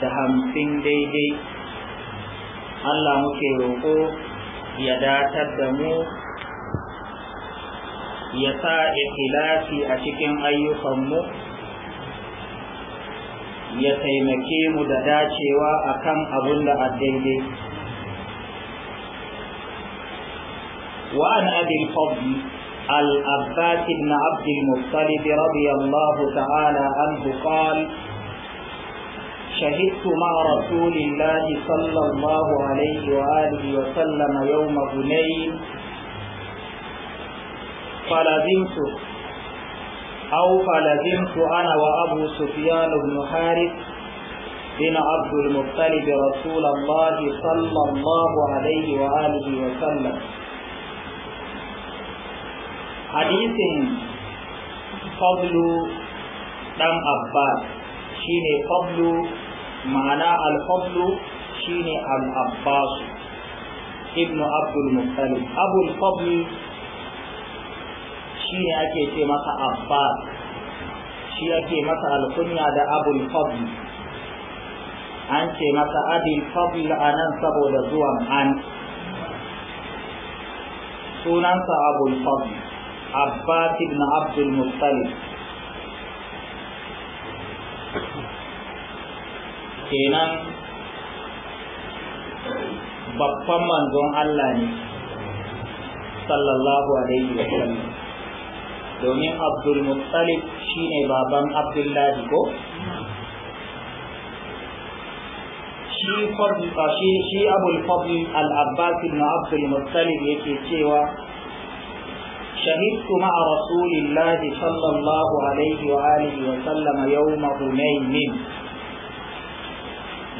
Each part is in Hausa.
da hamsin daidai Allah muke roƙo ya datar da mu ya sa ikhlasi a cikin ayyukanmu ya taimake mu da dacewa akan abin da daidai وعن أبي الفضل العباس بن عبد المطلب رضي الله تعالى عنه قال شهدت مع رسول الله صلى الله عليه وآله وسلم يوم هنين فلزمت أو فلزمت أنا وأبو سفيان بن حارث بن عبد المطلب رسول الله صلى الله عليه وآله وسلم حديث فضل دم أباد شيني فضل ma'ana al-fadlu shine al-abbas ibnu abdul muttalib abul fadl shine ake ce masa abbas shi ake masa alkunya da abul fadl an ce masa adil a nan saboda zuwan an sunansa abul abbas ibn abdul kenan babban manzon Allah ne sallallahu alaihi wa sallam domin abdul muttalib ne baban abdullahi ko shi abul fadl al abbas ibn abdul muttalib yake cewa شهدت مع رسول الله صلى الله عليه وآله وسلم يوم حنين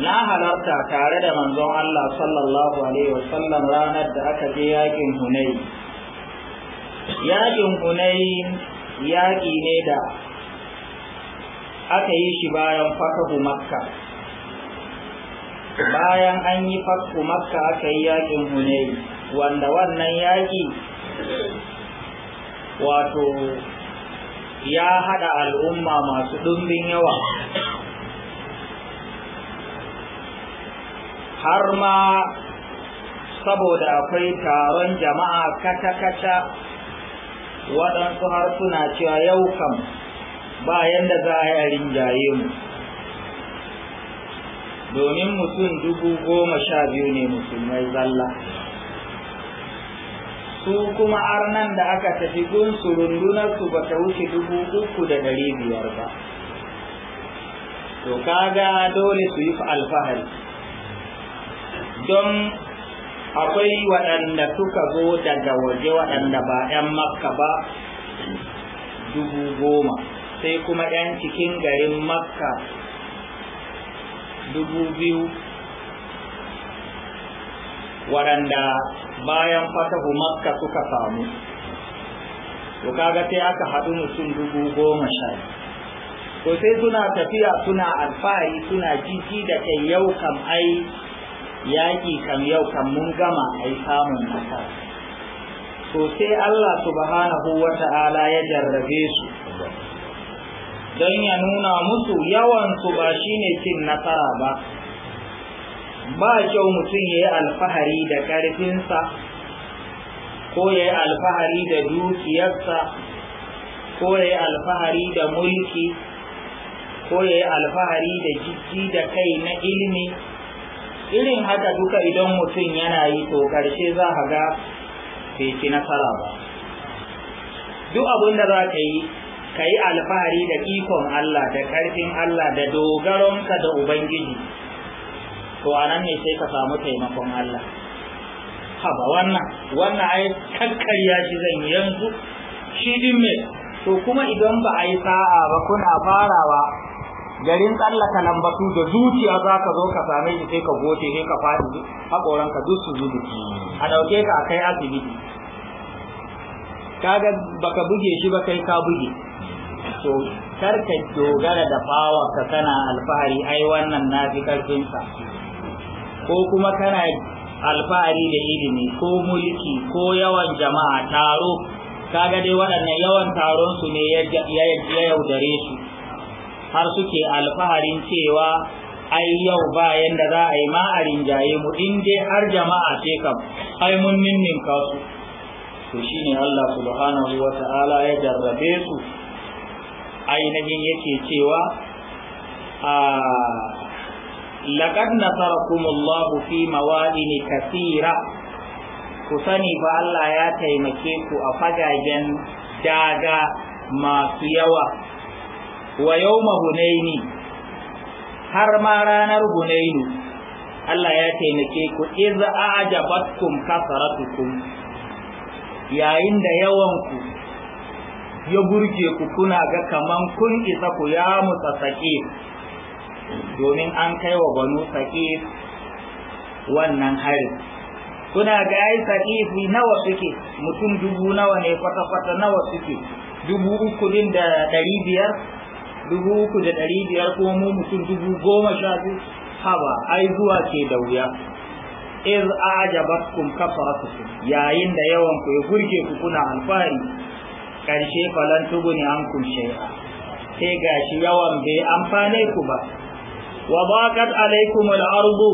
na halarta tare da manzon Allah sallallahu alaihi wasallam ranar da aka je yakin Hunayn yakin Hunayn yaki ne da aka yi shi bayan fatahu Makka bayan an yi fatahu Makka aka yi yakin Hunayn wanda wannan yaki wato ya hada al'umma masu ɗumbin yawa har ma saboda akwai taron jama'a kata-kata waɗansu har suna cewa yau kam ba yadda za a yi a rinjaye mu domin mutum dubu goma sha biyu ne musulmai zalla su kuma arnan da aka tafi gunsu rundunarsu ba ta wuce dubu uku da ɗari biyar ba to kaga dole su yi alfahari don akwai waɗanda suka zo daga waje waɗanda ba 'yan makka ba dubu goma sai kuma 'yan cikin garin makka dubu biyu waɗanda bayan fatahu makka suka samu to kaga sai aka haɗu mutum dubu goma sha to sai suna tafiya suna alfahari suna jiki da kai yau kam ai yaƙi kan yau kan mun gama a yi samun nasara to sai Allah subhanahu wa ta'ala ya jarrabe su don ya nuna musu yawansu ba shine cin nasara ba ba kyau mutum ya yi alfahari da ƙarfinsa ko ya yi alfahari da dukiyarsa ko ya yi alfahari da mulki ko ya yi alfahari da jiki da kai na ilimi irin haka duka idan mutum yana yi to karshe za a ga feci na nasara ba duk abin da za ka yi ka yi alfahari da ikon Allah da ƙarfin Allah da dogaronka da Ubangiji to a nan ne sai ka samu taimakon Allah haba wannan wannan ai kakkarya shi zan yanzu shi din me to kuma idan ba a yi sa'a ba kuna farawa garin tsallaka lambatu da zuciya za ka zo ka same shi sai ka goce sai ka faɗi haƙoranka duk su zubi a ɗauke ka a kai asibiti kaga baka buge shi ba kai ka buge to karka dogara da bawa ka kana alfahari ai wannan na fi ƙarfinsa. ko kuma kana alfahari da ilimi ko mulki ko yawan jama'a taro kaga dai waɗannan yawan taron su ne ya yaudare su har suke alfaharin cewa ai yau bayan da za a yi ma a rinjaye mu in dai har jama'a ce kam ai mun ninnin kasu to shine Allah subhanahu wa ta'ala ya jarrabe su ainihin yake cewa a laqad nasarakumullahu fi mawa'in kathira ku sani fa Allah ya taimake ku a fagagen daga masu yawa wa yawma hunaini har ma ranar hunainu Allah ya taimake ku iz a'jabatkum kasaratukum yayin da yawan ku ya burge ku kuna ga kaman kun isa ku ya musa domin an kai wa banu saqif wannan hari kuna ga ai fi nawa suke mutum dubu nawa ne kwata-kwata nawa suke dubu uku da ɗari biyar dubu uku da ɗari biyar ko mu mutum dubu goma sha biyu haba ai zuwa ke da wuya iz ajabatkum kafaratukum yayin da yawan ku ya burge ku kuna alfahari karshe falan tuguni an kun sai gashi yawan bai amfane ku ba wa baqat alaikum al-ardu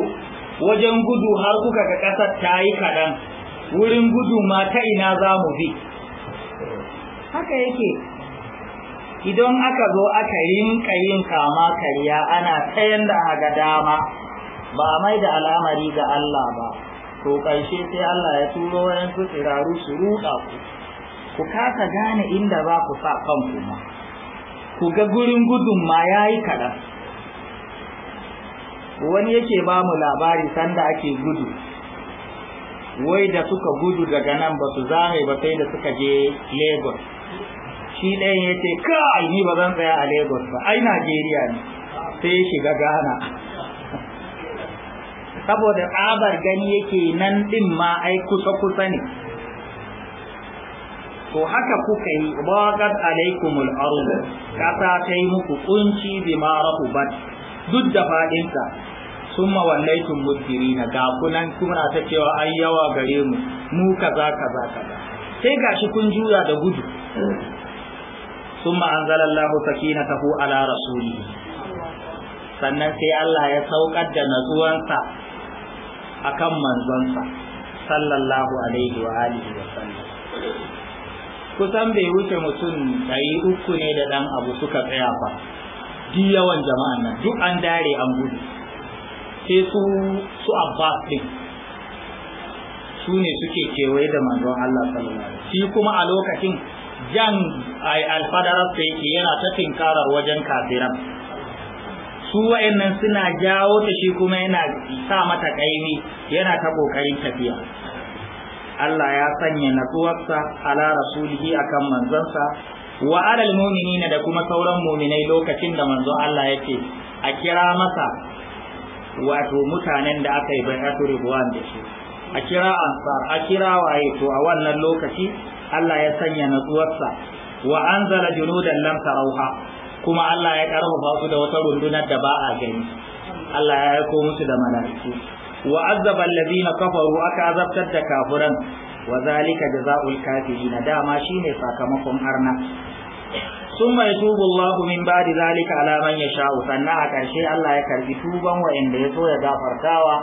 wajen gudu har kuka ga kasar tayi kadan wurin gudu ma ta ina za mu bi haka yake idan aka zo aka rinka yin kama karya ana ta da haga dama ba a mai da al'amari ga Allah ba to ƙarshe sai Allah ya turo wayan su tsiraru su ruɗa ku ku kasa gane inda za ku sa kanku ma ku ga gurin gudun ma ya yi kaɗan wani yake ba mu labari sanda ake gudu wai da suka gudu daga nan ba su zame ba sai da suka je lagos shi ɗayan ya ce kai ni ba zan tsaya a lagos ba ai najeriya ne sai ya shiga ghana saboda tsabar gani yake nan ɗin ma ai kusa-kusa ne to haka kuka yi waqad alaikumul ardh kasa yi muku kunci bima ba duk da faɗinsa sun summa wallaitum mutiri na kunan kuna ta cewa ai yawa gare mu mu kaza kaza kaza sai gashi kun juya da gudu ثم أنزل الله سكينته على رسوله sannan sai Allah ya saukar da natsuwansa a kan manzonsa sallallahu alaihi wa alihi wa sallam kusan bai wuce mutum ɗari uku ne da ɗan abu suka tsaya ba duk yawan jama'an nan duk an dare an gudu sai su su abbas din su ne suke kewaye da manzon Allah sallallahu alaihi shi kuma a lokacin jan alfadararsa yake yana ta tinkarar wajen kafiran su wa'annan suna jawo ta shi kuma yana sa mata ƙaimi yana ta ƙoƙarin tafiya Allah ya sanya natsuwarsa ala rasulihi akan manzansa wa alal mu'minina da kuma sauran mu'minai lokacin da manzo Allah yake a kira masa wato mutanen da aka yi bai'atu ridwan da shi a kira ansar a kira waye to a wannan lokaci Allah ya sanya natsuwarsa wa anzala junudan lam tarauha kuma Allah ya karfafa su da wata rundunar da ba a gani Allah ya aiko musu da malaiku wa azzaba allazina kafaru aka azabtar da kafuran wa zalika jazaul na dama shine sakamakon arna summa yatubu Allahu min ba'di zalika alaman ya yasha'u sannan a ƙarshe Allah ya karɓi tuban wa'anda ya so ya gafartawa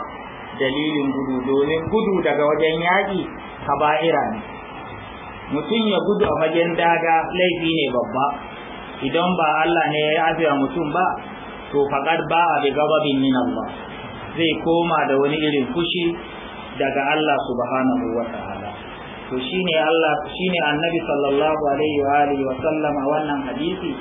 dalilin gudu domin gudu daga wajen yaƙi kaba'ira ne mutum ya gudu a wajen daga laifi ne babba idan ba Allah ne ya yi a mutum ba to faɗar ba a bi ghadabin min Allah zai koma da wani irin fushi daga Allah subhanahu wa ta'ala to shine Allah shine annabi sallallahu alaihi wa alihi wa sallama wannan hadisi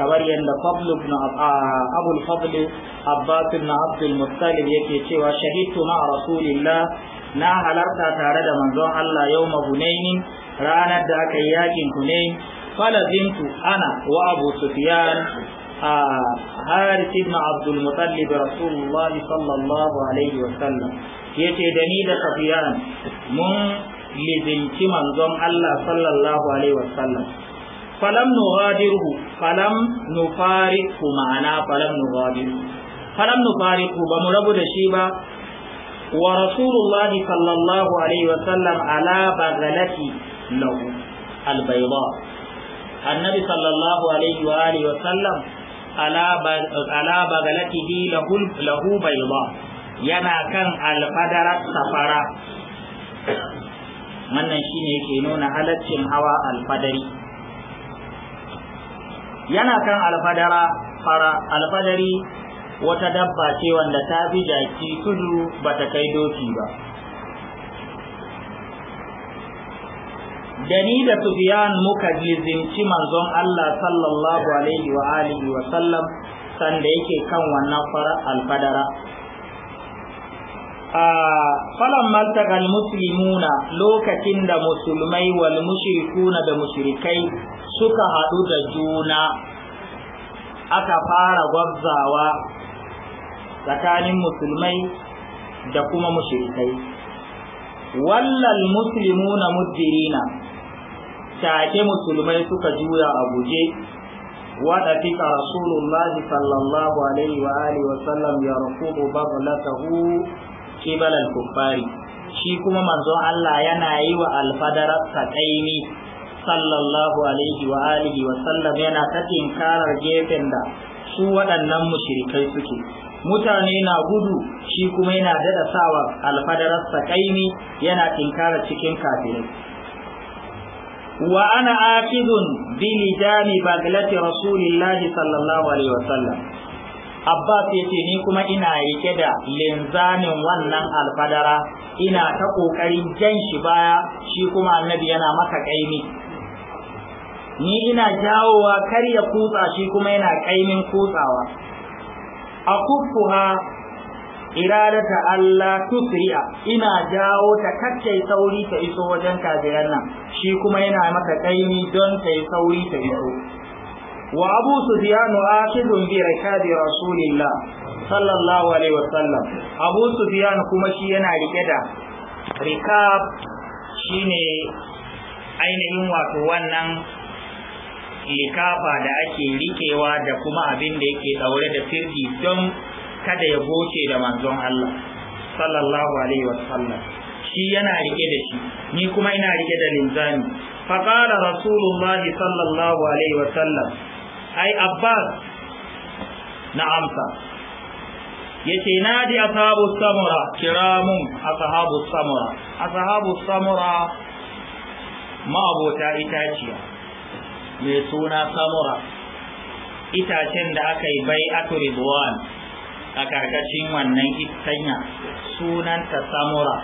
kamar yadda fadl ibn abu al-fadl abbas ibn abd al-muttalib yake cewa shahidtu ma rasulillah na halarta tare da manzon Allah yawma hunainin ranar da aka yi yakin ku ne falazimtu ana wa abu sufyan a haris ibn abdul mutallib rasulullah sallallahu alaihi wa sallam yace da ni da sufyan mun lizinci manzon Allah sallallahu alaihi wa sallam falam nughadirhu falam nufariqu ma'ana falam nughadirhu falam nufariqu ba mu rabu da shi ba wa rasulullahi sallallahu alaihi wa sallam ala baghalati lahu annabi sallallahu alaihi wa alihi wa sallam ala bagalatihi lahu bayda yana kan alfadarar safara wannan shine yake nuna halaccin hawa alfadari yana kan alfadara fara alfadari wata dabba ce wanda ta fi jaki tudu bata kai doki ba da ni da Sufyan muka lizinci manzon Allah sallallahu alaihi wa alihi wa sallam sanda yake kan wannan alfadara a falon maltagal muslimuna lokacin da musulmai wal mushrikuna da mushrikai suka haɗu da juna aka fara gwabzawa tsakanin musulmai da kuma mushrikai wallal musulmuna muddirina take musulmai suka juya a guje ودفق رسول الله wa sallam ya وآله babu يركب بغلته قبل kufari shi kuma manzon Allah yana yi wa alfadarar taƙaimi sallallahu alaihi wa alihi wa sallam yana ta karar gefen da su waɗannan mushrikai suke mutane na gudu shi kuma yana dada sawa alfadarar taƙaimi yana tinkara cikin kafirai wa ana akidun bi lidami baglati rasulillahi sallallahu alaihi wasallam Abbas ya ce ni kuma ina rike da linzamin wannan alfadara ina ta kokarin jan shi baya shi kuma annabi yana maka kaimi ni ina jawowa kar ya kutsa shi kuma yana kaimin kutsawa A akuffuha iradata Allah tusri'a ina jawo ta kacce sauri ta iso wajen kafiran nan shi kuma yana maka kaimi don ta yi sauri ta iso wa Abu Sufyan akidun bi rikabi Rasulillah sallallahu alaihi wasallam Abu Sufyan kuma shi yana rike da rikab shine ainihin wato wannan likafa da ake rikewa da kuma abin da yake daure da firdi don kada ya goce da manzon Allah sallallahu alaihi wasallam shi yana rike da shi ni kuma ina rike da linzami fa qala rasulullah sallallahu alaihi wasallam ai abbas na amsa yace nadi ashabu samura kiramun ashabu samura ashabu samura ma'abota itaciya mai suna samura itacen da aka yi bai ridwan a ƙarƙashin wannan sunan sunanta samura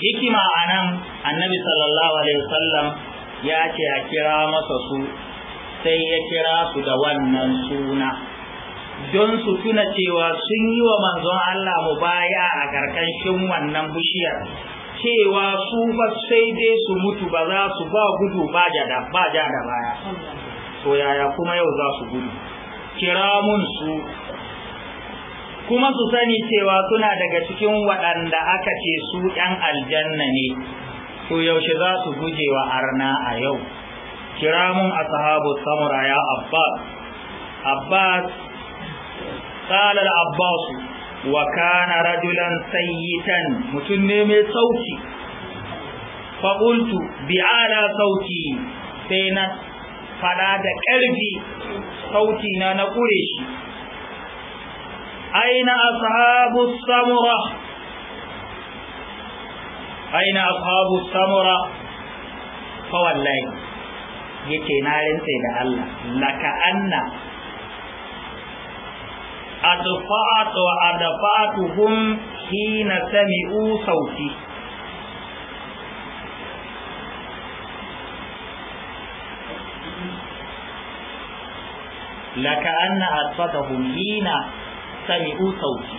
hikima a nan annabi sallallahu alaihi wasallam ya ce a kira masa su sai ya kira su da wannan suna don su tuna cewa sun yi wa manzon Allah mu baya a ƙarƙashin wannan bishiyar cewa su ba sai dai su mutu ba za su ba gudu ba jada baya So yaya kuma yau za su gudu kiramun su kuma su sani cewa suna daga cikin waɗanda aka ce su ‘yan aljanna ne su yaushe za su guje wa arna a yau kiramun ashabu samura ya abbas abbas tsalar abbasu wa kana rajulan sayyitan mutum ne mai sauki Fa'ultu bi’ala sauki sai na fada da ƙarfi sauti na na kure shi aina ashabu samura aina ashabu samura fa wallahi na rantsa da Allah laka anna adfa'atu adfa'atuhum hina sami'u sauti laka anna atfatahum hina sami sauti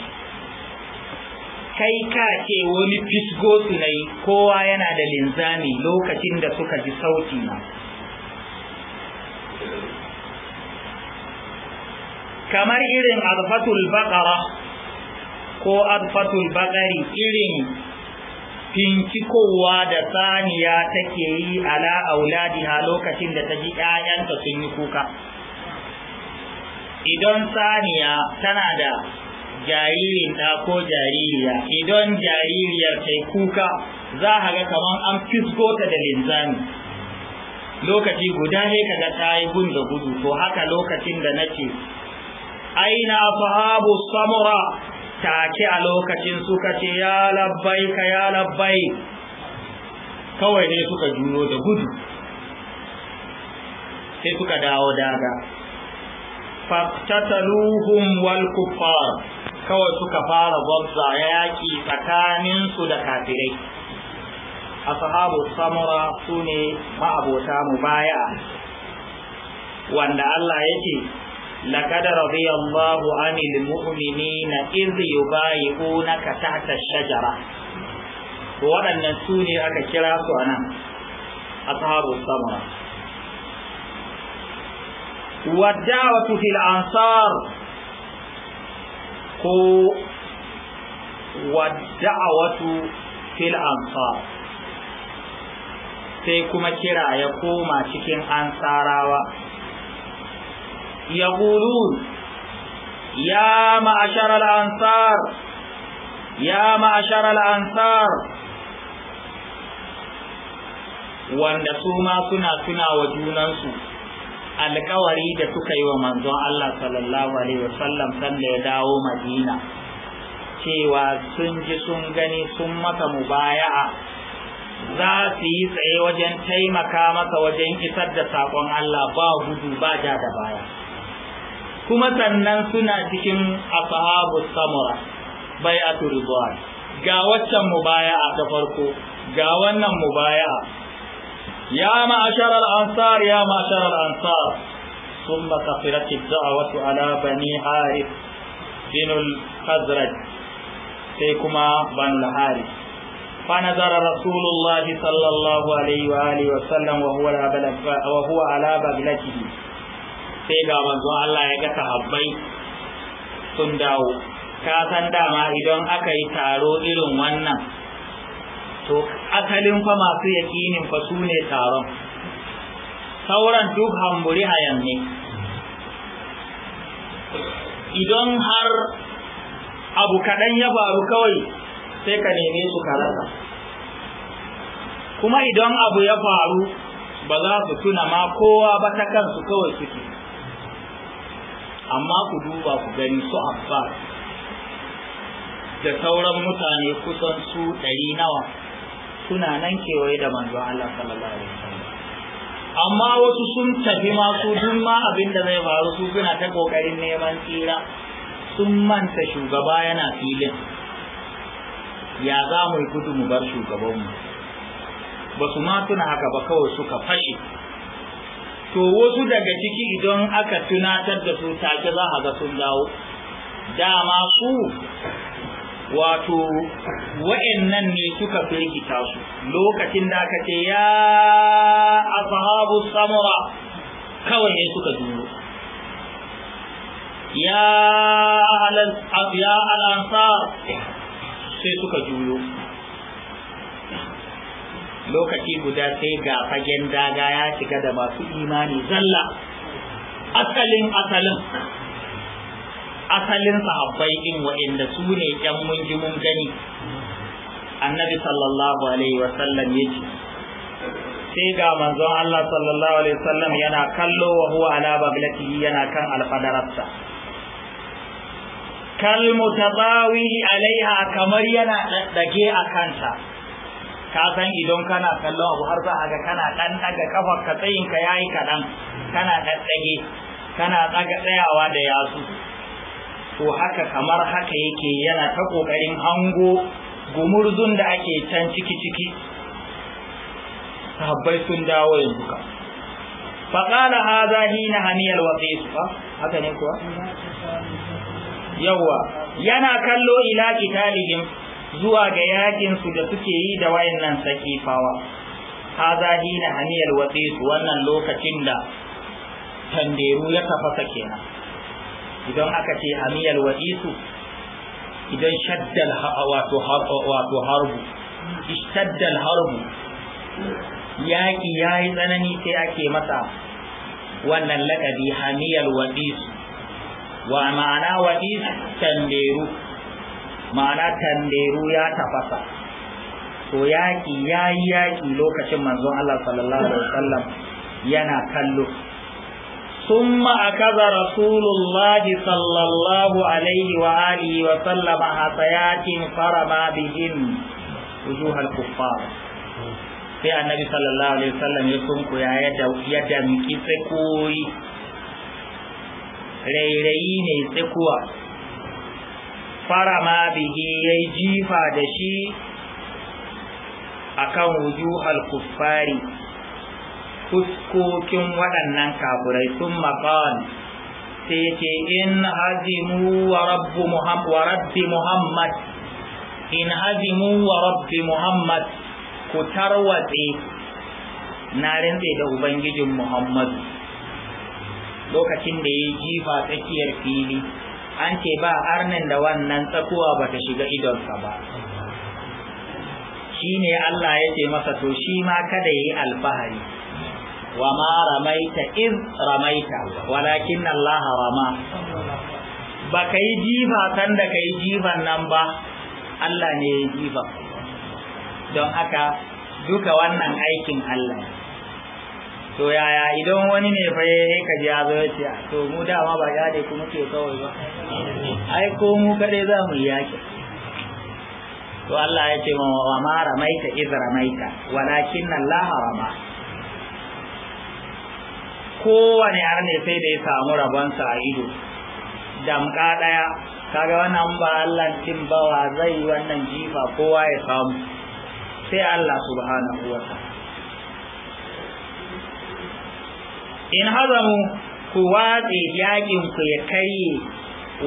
kai ka ce wani fisgo su nai kowa yana da linzami lokacin da suka ji sauti na kamar irin alfatul baqara ko alfatul baqari irin fincikowa da saniya take yi ala auladiha lokacin da ta ji 'ya'yanta sun yi kuka idan saniya tana da jaririn ta ko jaririya idan jaririyar ta kuka za a ga kamar an fisgo ta da linzami lokaci guda ne kaga ta yi gun da gudu to haka lokacin da nake, aina fahabu samura take a lokacin suka ce ya labbai ka ya labbai kawai ne suka juyo da gudu sai suka dawo daga faktataluhum wal kuffar kawai suka fara gwabza yaƙi tsakaninsu da kafirai ashabu samura su ne ma'abota wanda Allah yake لقد رضي الله عن المؤمنين إذ يبايعونك تحت الشجرة waɗannan su ne aka kira su a nan ashabu والدعوة في الأنصار هو والدعوة في الأنصار sai kuma kira ya koma cikin ansarawa ya ya ma'ashar al'ansar ya ma'ashar al'ansar wanda su suna suna junansu alkawari da suka yi wa manzon Allah sallallahu alaihi wasallam sanda ya dawo Madina cewa sun ji sun gani sun masa mubaya'a za su yi tsaye wajen taimaka masa wajen isar da saƙon Allah ba gudu ba ja da baya kuma sannan suna cikin ashabu samura bai a ga waccan mubaya'a ta farko ga wannan mubaya'a يا معشر الأنصار يا معشر الأنصار ثم كثرت الدعوة على بني حارث بن الخزرج سيكما بن الحارث فنظر رسول الله صلى الله عليه وآله وسلم وهو على وهو على بغلته سيغا منزو الله يغا صحابي sun dawo ka san dama idan aka yi taro irin wannan to asalin fa masu yakinin fa su ne taron sauran duk hamburi hayan ne idan har abu kaɗan ya faru kawai sai ka neme su karasa kuma idan abu ya faru ba za su tuna ma kowa ba ta kansu kawai suke amma ku duba ku gani su abbas da sauran mutane kusan su ɗari nawa suna nan kewaye da manzo Allah sallallahu alaihi wasallam amma wasu sun tafi masu su duk ma abin da zai faru su suna ta kokarin neman tsira sun manta shugaba yana filin ya za mu yi gudu mu bar shugabanmu ba su ma tuna haka ba kawai suka fashe to wasu daga ciki idan aka tunatar da su take za a ga sun dawo dama su wato wa'annan ne suka firgita su lokacin da aka ce ya ashabu samura kawai ne suka duro ya al al-ansar sai suka juyo lokaci guda sai ga fagen daga ya shiga da masu imani zalla asalin asalin asalin sahabbai din waɗanda su ne ƴan mun mun gani annabi sallallahu alaihi wasallam ya ce sai ga manzon Allah sallallahu alaihi wasallam yana kallo wa huwa ala baglatihi yana kan alfadararsa kal mutabawi alaiha kamar yana daddage a kanta ka san idan kana kallo abu har za ga kana dan daga kafar ka tsayin ka yayi kadan kana daddage kana tsaga tsayawa da yasu to haka kamar haka yake yana ta ƙoƙarin hango gumurzun da ake can ciki-ciki sahabbai sun dawo yanzu ka faƙala ha zahi na hamiyar su ba haka ne kuwa yawwa yana kallo ila kitalihim zuwa ga yakin da suke yi da wayannan sakifawa ha zahi na hamiyar wannan lokacin da tanderu ya tafasa kenan idan aka ce amiyal wa'isu idan shaddal wato wato harbu shaddal harbu yaƙi ya yi tsanani sai ake masa wannan laƙabi hamiyal wa'isu wa ma'ana wa'isu tanderu ma'ana tanderu ya tafasa to yaƙi ya yi yaƙi lokacin manzon Allah sallallahu alaihi wasallam yana kallo ثم أخذ رسول الله صلى الله عليه وآله وسلم حصيات فرما بهن وجوه الكفار sai annabi sallallahu alaihi wasallam ya sunkuya ya damki tsakoyi rairayi ne tsakuwa farama bihi ya yi jifa da shi akan wujuhal kuffari fuskokin waɗannan kafirai sun maƙon sai ke in hazimu wa rabbi muhammad in hazimu wa rabbi muhammad ku tarwatse na rinde da ubangijin muhammadu lokacin da ya jifa tsakiyar fili an ce ba arnin da wannan tsakuwa ba ta shiga idonsa ba shi ne Allah ya ce masa to shi ma kada yi alfahari wa ma ramaita iz ramaita walakin Allah rama ba ka yi jifa kan da ka yi jifan nan ba Allah ne ya jifa don haka duka wannan aikin Allah to yaya idan wani ne fa ya ka ji azo ya ce to mu dama ba ya ku muke kawai ba ai ko mu kaɗai za mu yi yaki to Allah ya ce wa ma ramaita iz ramaita walakin Allah rama kowane ne sai da ya samu rabonsa a ido damka ɗaya kaga wannan ba Allah cin bawa zai wannan jifa kowa ya samu sai Allah subhanahu wa in hazamu ku watse yakin ku ya karye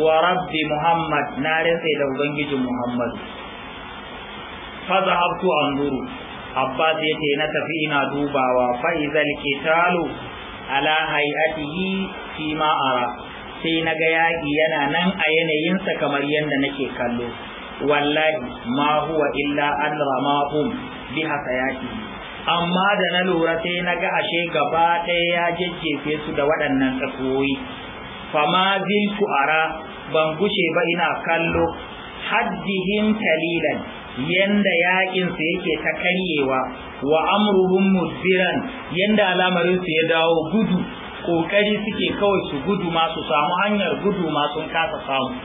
wa rabbi Muhammad na rinsa da ubangijin Muhammad fa zahabtu anduru Abbas yace na tafi ina dubawa fa zalke talo. ala hay'atihi fi ma ara sai na ga yaƙi yana nan a yanayinsa kamar yadda nake kallo wallahi ma huwa illa an ramahum bi hasayati amma da na lura sai na ga ashe gaba ɗaya ya jajjefe su da waɗannan tsakoyi fama ziltu ara ban gushe ba ina kallo haddihim kalilan yanda yaƙinsu yake ta karyewa wa amruhum musfiran yanda alamarin su ya dawo gudu kokari suke kawai su gudu ma su samu hanyar gudu ma sun kasa samu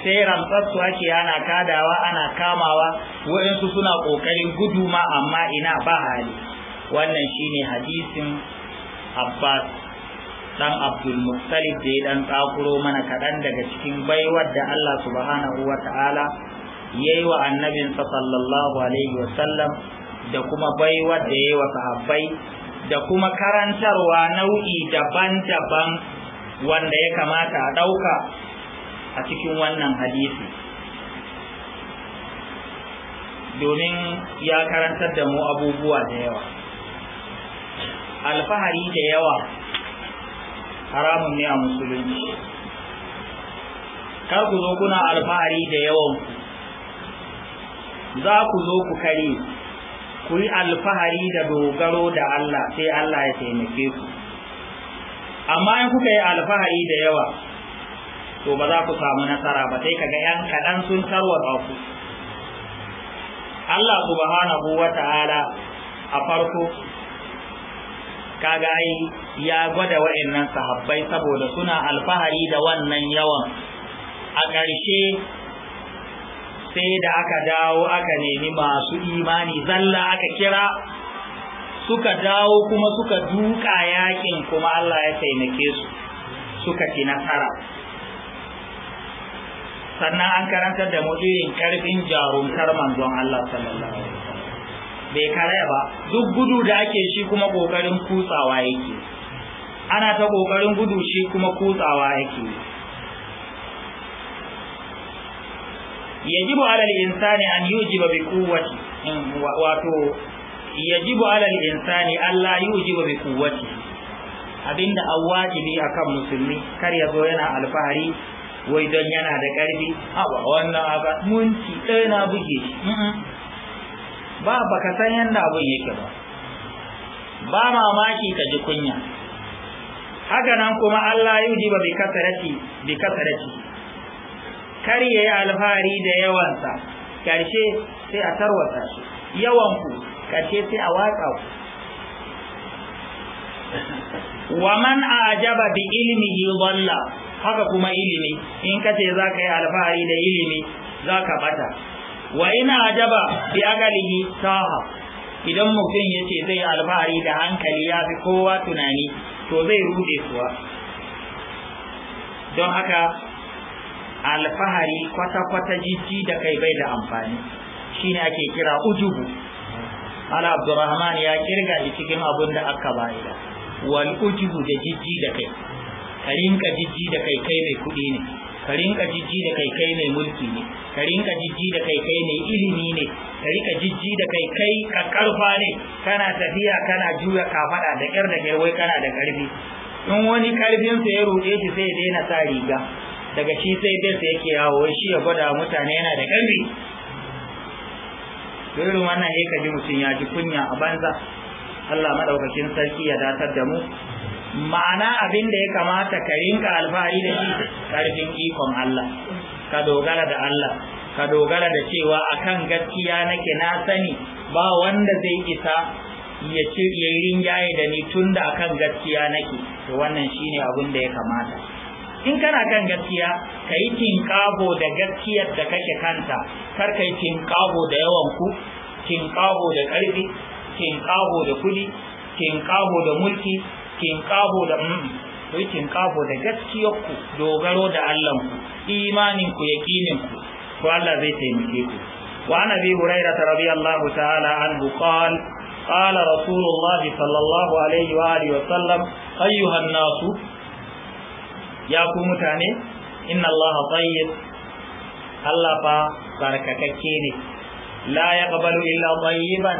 sai rantsatsu ake ana kadawa ana kamawa waɗansu suna ƙoƙarin gudu ma amma ina ba hali wannan shine hadisin abbas dan abdul muttalib da ya dan tsakuro mana kaɗan daga cikin baiwar da allah subhanahu wa ta'ala yayi wa annabinsa sallallahu alaihi wasallam da kuma baiwa da yayi wa sahabbai da kuma karantarwa nau'i daban-daban wanda ya kamata a ɗauka a cikin wannan hadisi domin ya karantar da mu abubuwa da yawa alfahari da yawa haramun ne a musulunci kar ku zo kuna alfahari da yawan ku za ku zo ku kare ku yi alfahari da dogaro da Allah sai Allah ya taimake ku amma in kuka yi alfahari da yawa to ba za ku samu nasara ba sai kaga yan kaɗan sun tarwatsa ku Allah subhanahu wa ta'ala a farko kaga ai ya gwada wa'annan sahabbai saboda suna alfahari da wannan yawan a ƙarshe sai da aka dawo aka nemi masu imani zalla aka kira suka dawo kuma suka duka yakin kuma Allah ya taimake su suka ci nasara sannan an karantar da mu karfin jarumtar manzon Allah sallallahu alaihi wasallam bai karaya ba duk gudu da ake shi kuma kokarin kutsawa yake ana ta kokarin gudu shi kuma kutsawa yake yajibu ala al-insani an yujiba bi quwwati hmm, wato yajibu ala al-insani alla yujiba bi quwwati abinda awajibi akan musulmi kar ya zo yana alfahari wai don yana da karfi haba wannan aka munci ɗaya na buge shi hmm, ba baka san yanda abin yake ba ba mamaki kaji kunya haka nan kuma Allah yujiba bi kasarati bi kasarati kar ya yi alfahari da yawansa ƙarshe sai a tarwata shi yawanku ƙarshe sai a watsa ku wa man ajaba bi ilmi yudalla haka kuma ilimi in kace zaka yi alfahari da ilimi zaka bata wa in ajaba bi agalihi saha idan mutum yace zai yi alfahari da hankali ya fi kowa tunani to zai rude kuwa don haka alfahari kwata-kwata jiji da kai bai da amfani Shi ne ake kira ujubu ala abdurrahman ya kirga shi cikin abun da aka bayar wal ujubu da jiji da kai ka rinka jijji da kai kai mai kuɗi ne ka rinka jijji da kai kai mai mulki ne ka rinka jijji da kai kai mai ilimi ne ka rinka jijji da kai kai karfa ne kana tafiya kana juya kafada da kyar da ƙyar wai kana da karfi in wani karfinsa ya ruɗe shi sai ya daina sa riga daga shi sai besa yake yawo shi ya gwada mutane yana da ƙarfi irin wannan ya kaji mutum ya ji kunya a banza Allah madaukakin sarki ya datar da mu ma'ana abin da ya kamata ka rinka alfahari da shi karfin ikon Allah ka dogara da Allah ka dogara da cewa akan gaskiya nake na sani ba wanda zai isa ya ci yayin da ni tunda akan gaskiya nake to wannan shine abin da ya kamata in kana kan gaskiya ka yi tinƙago da gaskiyar da kake kanta kar ka yi tinƙago da yawan ku tinƙago da ƙarfi tinƙago da kuɗi tinƙago da mulki tinƙago da mm, ku yi tinƙago da gaskiyar ku dogaro da Allah ku imanin ku yaƙinin ku to Allah zai taimake ku وعن ابي هريره رضي الله تعالى عنه قال قال رسول الله صلى الله عليه واله وسلم ايها الناس ya ku mutane inna allaha tayyib allah fa barkakakke ne la yaqbalu illa tayyiban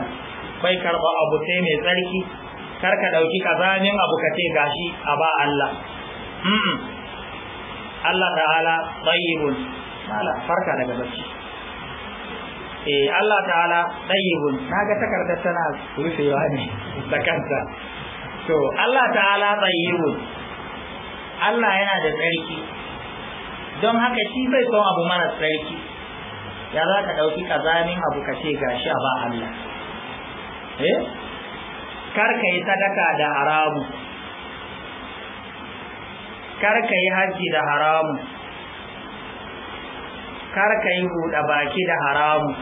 kai karba abu sai mai tsarki kar ka dauki kazanin abu ka ce gashi a ba Allah Allah ta'ala tayyibun mala farka daga bacci eh Allah ta'ala tayyibun naga takardar tana rufewa ne da kanta to Allah ta'ala tayyibun Allah yana da tsarki don haka shi bai son abu mara tsarki ya za ka ɗauki ƙazamin abu ka ce ga shi a ba Allah eh? kar ka yi sadaka da haramu kar ka yi hajji da haramu kar ka yi buɗe baki da haramu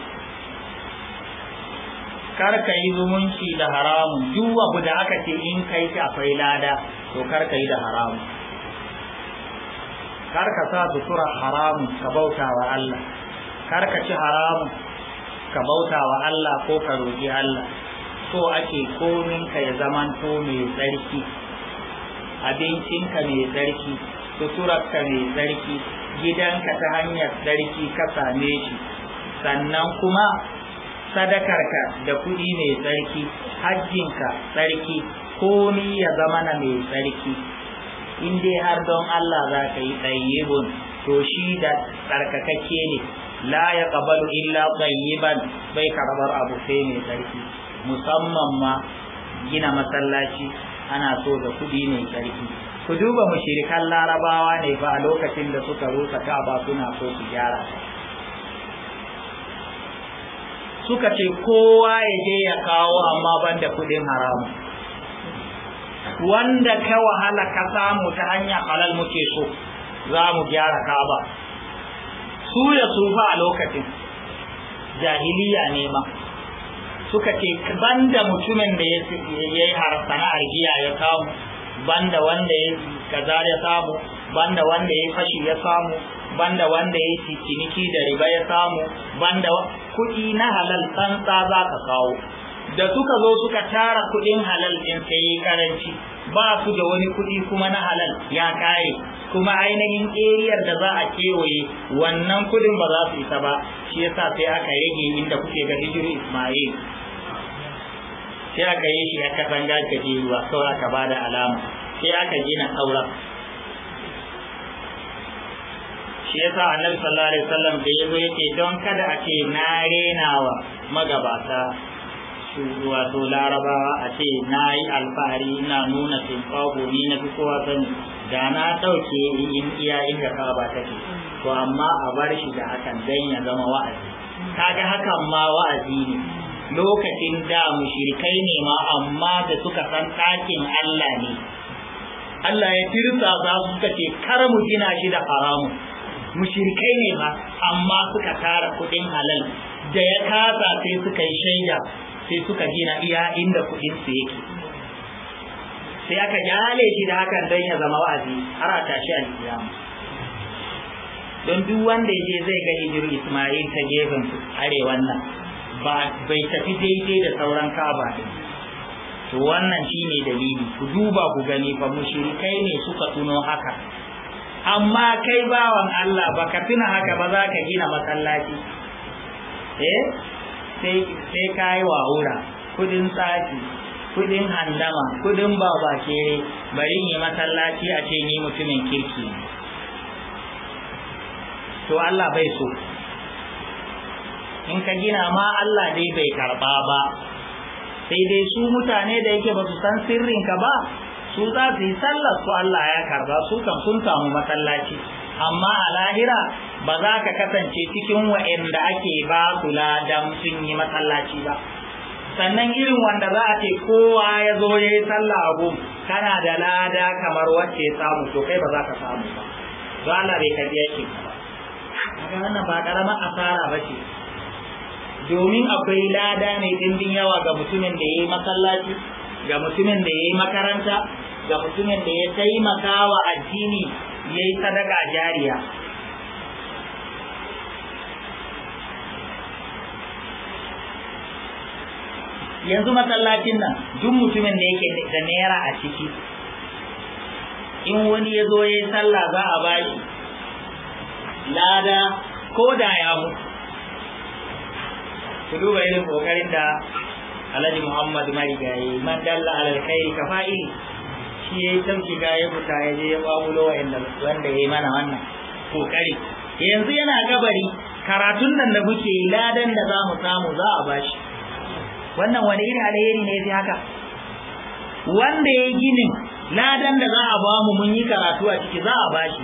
kar ka yi zumunci da haramu duk abu da aka ce in kai shi akwai lada to kar ka yi da haramu karka ka sa sutura haram ka bauta wa Allah kar ci haram ka bauta wa Allah ko ka roƙi Allah so ake komin ka ya zamanto mai tsarki abincinka mai tsarki suturarka mai tsarki gidanka ta hanyar tsarki ka same shi sannan kuma sadakarka da kuɗi mai tsarki hajjinka tsarki komi ya zamana mai tsarki in dai har don Allah za ka yi tsayyibun to shi da tsarkakakke ne la ya kabalu illa tsayyiban bai karbar abu sai mai tsarki musamman ma gina masallaci ana so da kuɗi mai tsarki ku duba mushirikan larabawa ne ba a lokacin da suka rusa ba suna so su gyara suka ce kowa ya je ya kawo amma banda kuɗin haramun. wanda ka wahala ka samu ta hanya halal muke so za mu gyara kaba su ya fa a lokacin jahiliya ne ma suka ce banda mutumin da ya yi sana'ar giya ya samu banda wanda ya kaza ya samu banda wanda ya fashi ya samu banda wanda ya ciniki da riba ya samu banda kuɗi na halal tsantsa za ka kawo da suka zo suka tara kuɗin halal ɗin sai karanci ba su da wani kuɗi kuma na halal ya kare kuma ainihin eriyar da za a kewaye wannan kuɗin ba za su isa ba shi yasa sai aka rage inda kuke ga hijiru ismail sai aka yi shi aka katanga ka je ruwa saura ka bada alama sai aka gina sauran shi yasa annabi sallallahu alaihi wasallam da yazo yake don kada a ce na renawa magabata wato larabawa a ce na yi alfahari na nuna tumfago ni na fi kowa sani da na ɗauke in iya inda ta ke, to amma a bar shi da hakan dan ya zama wa'azi kaga hakan ma wa'azi ne lokacin da mushrikai ne ma amma da suka san ɗakin Allah ne Allah ya tirsa za su ce kar mu gina shi da haramu mushrikai ne ma amma suka tara kuɗin halal da ya kasa sai suka yi shaida sai suka gina iya inda kuɗin su yake sai aka gyale shi da hakan don ya zama wa'azi har a tashi alkiyama don duk wanda ya zai ga hijiru ismail ta gefen arewan nan bai tafi daidai da sauran kaba to wannan shine dalili ku duba ku gani fa mushrikai ne suka tuno haka amma kai bawan Allah baka tuna haka ba za ka gina masallaci eh sai ka yi wawura kudin tsaki kudin handama kudin baba kere bari ne masallaci a ce ni mutumin kirki to Allah bai so in ka gina ma Allah dai bai karba ba sai dai su mutane da yake ba su san sirrin ka ba su za su yi sallar su Allah ya karba su kan sun samu masallaci amma a lahira ba za ka kasance cikin wa'anda ake ba su ladan sun yi masallaci ba sannan irin wanda za a ce kowa ya zo ya yi sallah abu kana da lada kamar wacce ya samu to kai ba za ka samu ba za lare ka biya yake ba wannan ba karamar asara ba ce domin akwai lada mai dindin yawa ga mutumin da ya yi masallaci ga mutumin da ya yi makaranta ga mutumin da ya taimaka wa addini ya yi sadaka jariya yanzu masallacin nan duk mutumin da yake da naira a ciki in wani ya zo ya sallah za a bashi lada ko da ya mu ku duba irin kokarin da alhaji muhammad marigayi man dalla alal kai ka shi ya yi ga ya fita ya je ya babulo wanda ya yi mana wannan kokari yanzu yana gabari karatun nan da muke yi ladan da za mu samu za a bashi wannan wani irin alheri ne fi haka wanda ya yi ginin ladan da za a ba mu mun yi karatu a ciki za a ba shi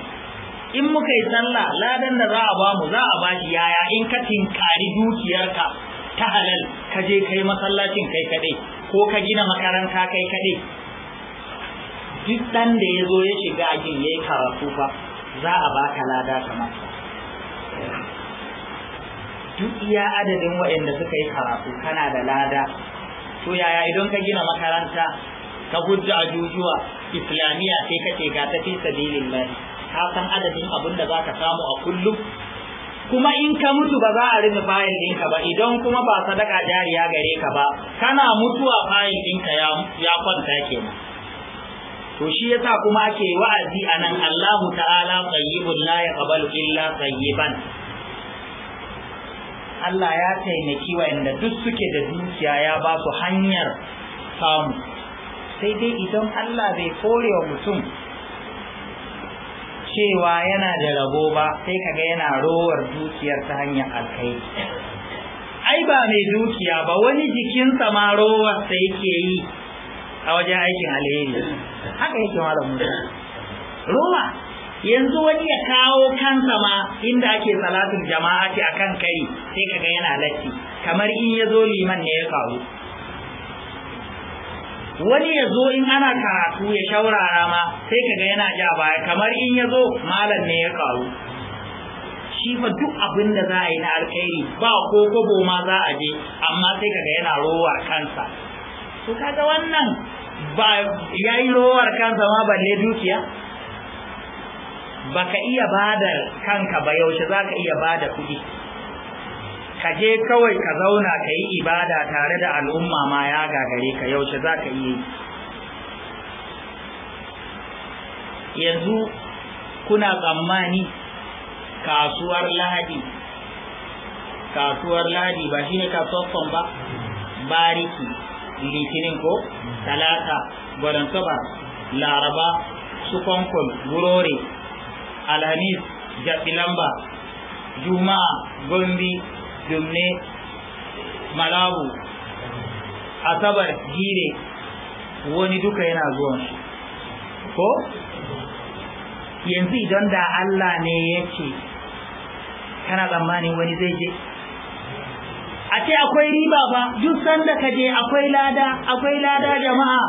in muka yi sallah ladan da za a ba mu za a ba shi yaya in ka tinkari dukiyarka ta halal ka je kai masallacin kai kaɗai? ko ka gina makaranta kai kaɗai? duk dan da ya zo ya shiga ajin ya yi karatu fa za a baka lada kamar duk iya adadin waɗanda suka yi karatu kana da lada to yaya idan ka gina makaranta ka a ajujuwa islamiyya sai ka ce ga ta fi sabilillahi ka san adadin abin da zaka samu a kullum kuma in ka mutu ba za a rinna fayil ɗinka ba idan kuma ba sadaka jariya gare ka ba kana mutuwa fayil ɗinka ya kwanta kenan to shi yasa kuma ake wa'azi anan Allahu ta'ala tayyibun la yaqbalu illa tayyiban Allah ya taimaki inda duk suke da dukiya ya ba su hanyar samu sai dai idan Allah bai kore wa mutum cewa yana da rabo ba sai kaga yana rowar dukiyar ta hanyar alkai ai ba mai dukiya ba wani jikinsa ma rowar sa yake yi a wajen aikin alheri haka yake malamin rowa yanzu wani ya kawo kansa ma inda ake salatin jama'a ce akan kari sai kaga yana latti kamar in ya zo liman ne ya kawo wani ya zo in ana karatu ya shaurara ma sai kaga yana ja baya kamar in ya zo malam ne ya kawo shi fa duk abin da za a yi na alkhairi ba ko kobo ma za a je amma sai kaga yana rowa kansa to kaga wannan ba yayi rowar kansa ma balle dukiya baka iya bada kanka ba yaushe zaka iya bada kuɗi ka je kawai ka zauna ka yi ibada tare da al'umma ma ya gagare ka yaushe za iya yi yanzu kuna tsammani kasuwar lahadi kasuwar lahadi ba shine kasuwar ba bariki litinin ko talata gwadansa saba laraba su kwankwan gurore alhamis Lamba, juma'a gombe dumne Malawu, asabar gire wani duka yana zuwa shi ko yanzu idan da Allah ne yake kana tsammanin wani zai je a ce akwai riba ba duk sanda ka je akwai lada akwai lada jama'a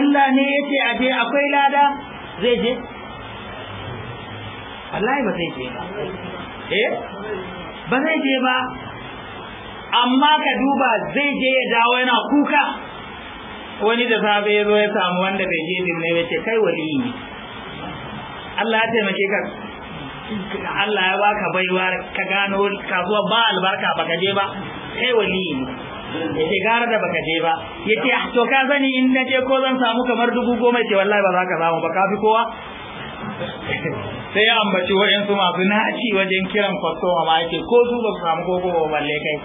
Allah ne yake a je akwai lada zai je wallahi ba zai je ba eh ba zai je ba amma ka duba zai je ya dawo yana kuka wani da safe ya zo ya samu wanda bai je din ne ce kai wali. ne Allah ya taimake ka Allah ya baka baiwa ka gano kasuwa ba albarka baka je ba kai wali ne yace gara da baka je ba yace ah, to ka sani in na je ko zan samu kamar dubu goma ce wallahi ba za ka samu ba ka fi kowa sai ya ambaci su masu naci wajen kiran kwastoma a yake ko su ba su samu ko ba balle kai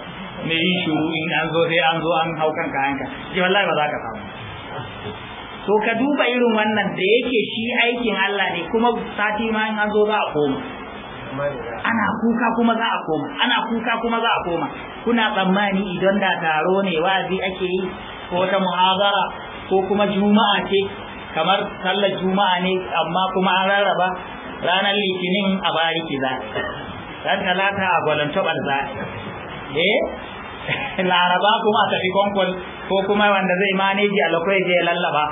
me yi shuru in an zo sai an zo an hau kanka hanka ji wallahi ba za ka samu to ka duba irin wannan da yake shi aikin Allah ne kuma sati ma in an zo za a koma ana kuka kuma za a koma ana kuka kuma za a koma kuna tsammani idan da taro ne wazi ake yi ko ta muhazara ko kuma juma'a ce kamar sallar juma'a ne amma kuma an rarraba ranar litinin a bariki za ran talata a gwalantobar za eh laraba kuma a tafi konkol ko kuma wanda zai maneji a lokwai je lallaba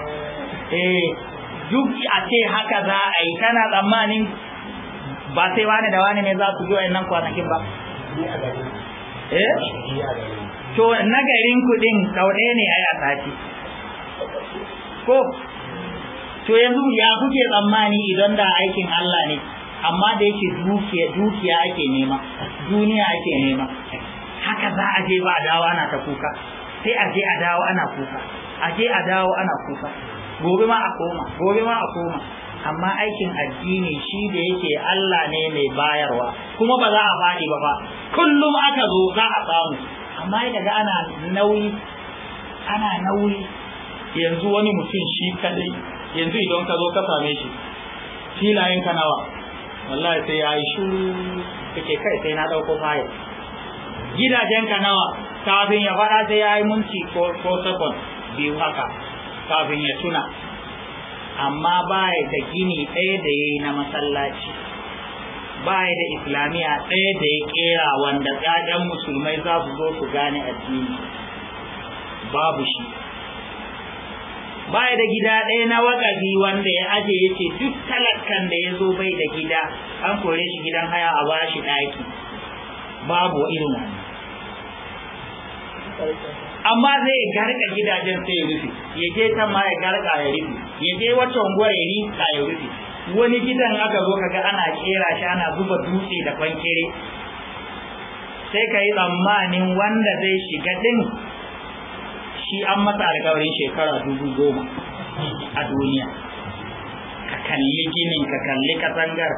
eh duk a ce haka za a yi kana tsammanin ba sai wani da wani mai za su zo a nan kwanakin ba eh to nagarin kudin ɗauɗe ne a yi a sati ko to yanzu ya kuke tsammani idan da aikin Allah ne amma da yake dukiya dukiya ake nema duniya ake nema haka za a je ba a dawo ana ta kuka sai a je a dawo ana kuka a je a dawo ana kuka gobe ma a koma gobe ma a koma amma aikin addini shi da yake Allah ne mai bayarwa kuma ba za a faɗi ba ba kullum aka zo za a samu amma ga ana nauyi ana nauyi yanzu wani mutum shi kadai yanzu idan ka zo ka same shi filayen ka nawa wallahi sai ya yi shu take kai sai na dauko fayil gidajen ka nawa kafin ya faɗa sai ya yi munci ko sakon biyu haka kafin ya tuna amma baya da gini ɗaya da ya na masallaci baya da islamiyya ɗaya da ya ƙera wanda tsadan musulmai za su zo su gane addini babu shi baya da gida ɗaya na wakafi wanda ya aje ya ce duk talakan da ya zo bai da gida an kore shi gidan haya a ba shi ɗaki babu irin wani amma zai garga gidajen sai ya rufe ya je ta ma ya garga ya rufe ya je wata unguwar ya ya rufe wani gidan aka zo kaga ana kera shi ana zuba dutse da kwankere sai ka yi tsammanin wanda zai shiga din shi an masa alkawarin shekara dubu goma a duniya ka kalli ginin ka kalli katangar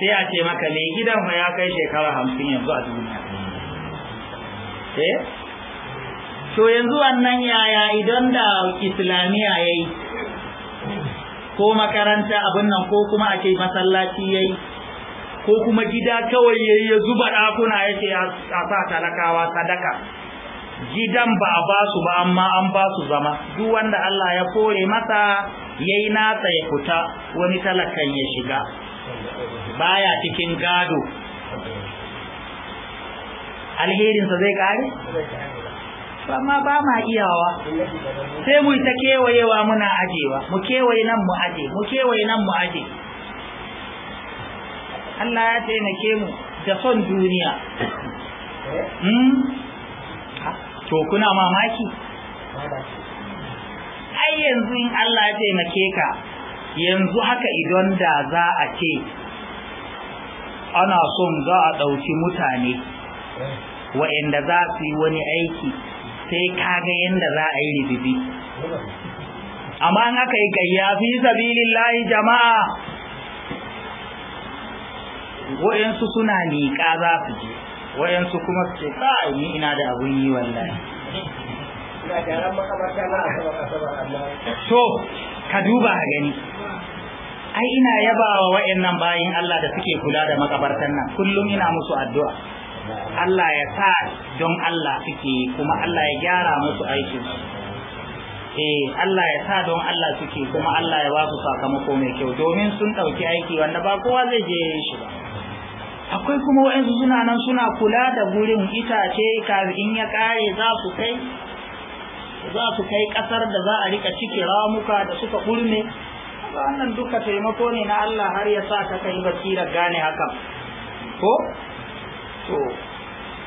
sai a ce maka mai gidan ya kai shekara hamsin yanzu a duniya eh? to yanzu wannan yaya idan da islamiyya ya yi ko makaranta abin nan ko kuma a ce masallaci ya yi ko kuma gida kawai ya yi ya zuba ɗakuna ya ce a sa talakawa sadaka gidan ba a ba su ba amma an ba su zama duk wanda Allah ya kore masa yayi nasa ya fita wani talakan ya shiga baya cikin gado alherinsa zai kare amma ba ma iyawa sai mu ta kewayewa muna ajewa mu kewaye nan mu aje mu kewaye nan mu aje Allah ya taimake mu da son duniya hmm? to kuna mamaki ai yanzu in Allah ya taimake ka yanzu haka idan da za a ce ana son za a ɗauki mutane eh. wa'anda za su yi wani aiki sai kaga yanda za a yi ribibi amma in aka yi gayya fi sabilillahi jama'a wa'ansu suna niƙa za su je wayansu kuma su ce kai ni ina da abun yi wallahi to ka duba a gani ai ina yabawa wayannan bayin Allah da suke kula da makabartan nan kullum ina musu addu'a Allah ya sa don Allah suke kuma Allah ya gyara musu aikin eh Allah ya sa don Allah suke kuma Allah ya ba su sakamako mai kyau domin sun ɗauki aiki wanda ba kowa zai je shi ba akwai kuma wa'ansu suna nan suna kula da gurin itace kafin ya kare za su kai za su kai kasar da za a rika cike ramuka da suka burne wannan duka taimako ne na Allah har ya sa ka kai basira gane hakan ko to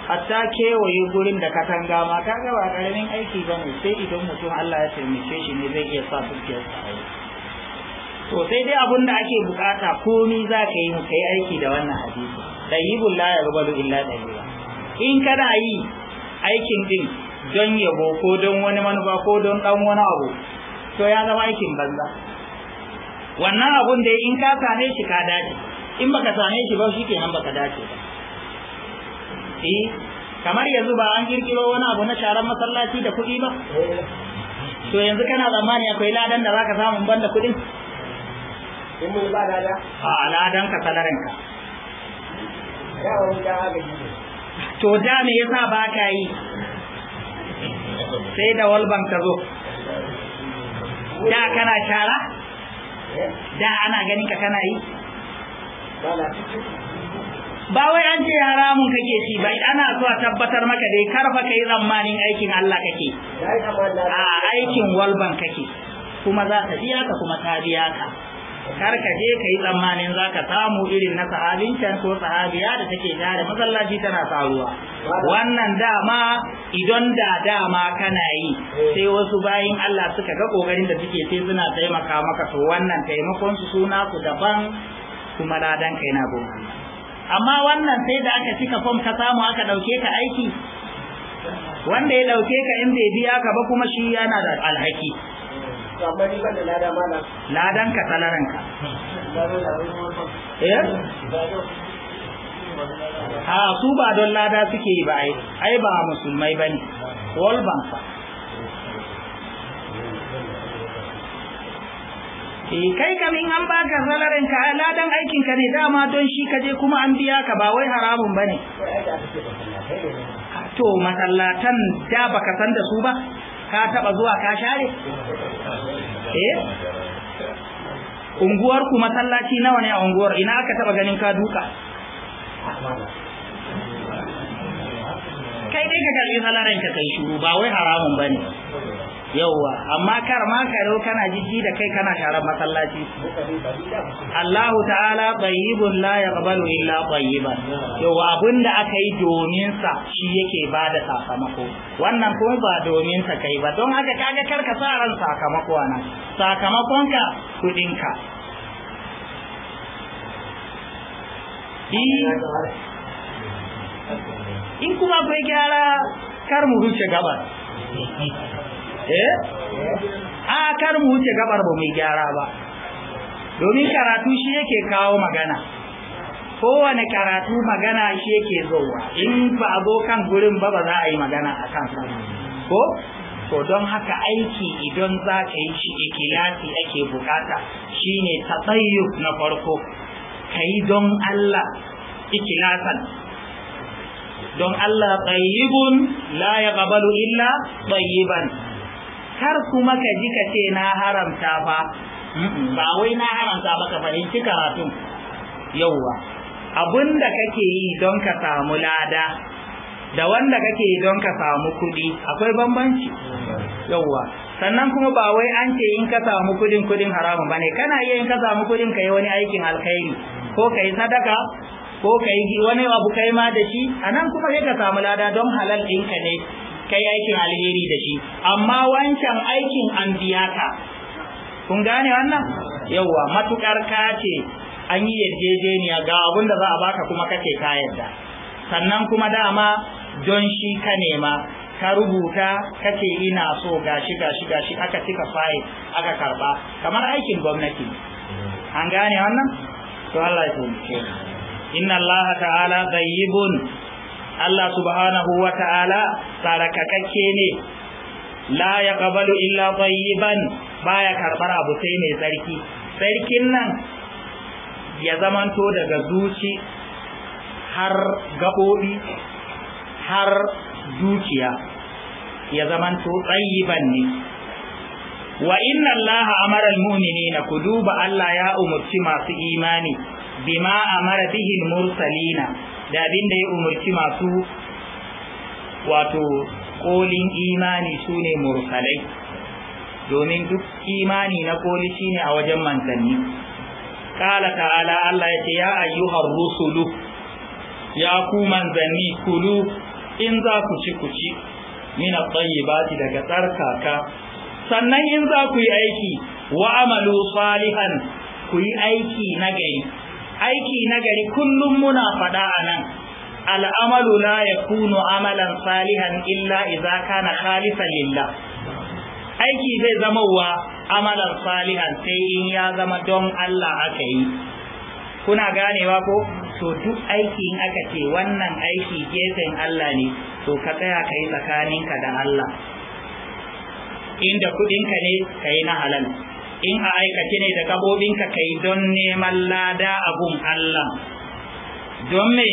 hatta kewaye gurin da katanga ma ga ba karamin aiki ba ne sai idan mutum Allah ya taimake shi ne zai iya sa dukiyar sa to sai dai abin da ake bukata komi za ka yi mu kai aiki da wannan hadisi ɗayibun la yarbalu illa ɗayiba in kana yi aikin din don yabo ko don wani manufa ko don ɗan wani abu to ya zama aikin banza wannan abun da in ka same shi ka dace in baka same shi ba shi ke nan baka dace ba eh kamar yanzu ba an kirkiro wani abu na sharan masallaci da kuɗi ba to yanzu kana tsammani akwai ladan da zaka samu banda kuɗin in mun ba da a ladan ka salarin ka to da me yasa ba ka yi sai da walban ka zo da kana shara da ana ganin ka kana yi ba wai an ce haramun kake ci ba ana so a tabbatar maka dai karfa kai tsammanin aikin Allah kake a aikin walban kake kuma za ta biya ka kuma ta biya ka kar ka je ka yi tsammanin za ka samu irin na sahabin ko sahabiya da take da masallaci tana faruwa wannan dama idan da dama kana yi sai wasu bayan Allah suka ga kokarin da suke sai suna taimaka maka to wannan taimakon su suna ku daban kuma ladan kai na goma amma wannan sai da aka cika fom ka samu aka dauke ka aiki wanda ya dauke ka in ya biya ka ba kuma shi yana da alhaki amma ni ban da lada ladan ka salaran ka eh a su ba don lada suke yi ba ai ai ba musulmai bane wal ban fa eh kai kam in an baka salarin ka ladan aikin ka ne dama don shi ka je kuma an biya ka ba wai haramun bane to masallatan da baka san da su ba ka taba zuwa ka share eh unguwar masallaci nawa ne a unguwar ina aka taba ganin ka duka kai dai ka karbi salarin ka kai shuru ba wai haramun bane yauwa amma kar ma ka dau kana jiki da kai kana taron masallaci Allahu ta'ala tayyibun la yaqbalu illa tayyiban yauwa abinda aka yi domin sa shi yake bada sakamako wannan kuma ba domin sa kai ba don haka kaga kar ka sa ran sakamako ana sakamakon ka kudin ka in kuma akwai gyara kar mu huce gaba eh a kar mu wuce gabar ba mai gyara ba domin karatu shi yake kawo magana kowane karatu magana shi yake zowa in ba a zo gurin ba ba za a yi magana a kan ko to don haka aiki idan za ka yi shi ikilasi ake bukata shine tatsayyuf na farko ka yi don Allah ikilasan don Allah tayyibun la ya illa tayyiban kar kuma ka ji ka ce na haramta fa ba wai na haramta ba ka fahimci karatun yauwa abun da kake yi don ka samu lada da wanda kake yi don ka samu kuɗi akwai bambanci yauwa sannan kuma ba wai an ce in ka samu kuɗin kuɗin haramun ba ne kana iya in ka samu kuɗin ka yi wani aikin alkhairi ko ka yi sadaka ko ka yi wani abu kai ma da shi a nan kuma sai ka samu lada don halal ɗinka ne kai aikin alheri da shi amma wancan aikin an biya ka kun gane wannan yauwa matukar ka ce an yi yarjejeniya ga abin da za a baka kuma kake ka yarda sannan kuma dama don shi ka nema ka rubuta kake ina so gashi gashi gashi aka cika fayil aka karba kamar aikin gwamnati an gane wannan to Allah ya tumce inna Allah ta'ala tayyibun Allah subhanahu wa ta'ala sarakakakke ne la ya qabalu illa ba ya karbar abu sai mai tsarki tsarkin nan ya zamanto daga zuci har gaɓoɓi har dukiya ya zamanto tsayiban ne wa inna Allah amara almu'minina ku duba Allah ya umarci masu imani bima amara bihin mursalina da abin da ya umarci masu wato kolin imani su ne mursalai domin duk imani na koli shine a wajen manzanni kala ta'ala Allah ya ce ya ayyuhar rusulu ya ku manzanni kulu in za ku ci ku ci mina at-tayyibati daga tsarkaka sannan in za ku yi aiki wa amalu salihan ku yi aiki na gari aiki na gari kullum muna faɗa a nan al'amalu la yakunu amalan salihan illa idza kana khalisan lillah aiki zai zama wa amalan salihan sai in ya zama don Allah aka yi kuna ganewa ko to duk aiki in aka ce wannan aiki gefen Allah ne to ka tsaya ka yi tsakaninka da Allah inda kuɗinka ne ka yi na halal in a aikace ne da gabobinka kai don neman lada abun Allah don me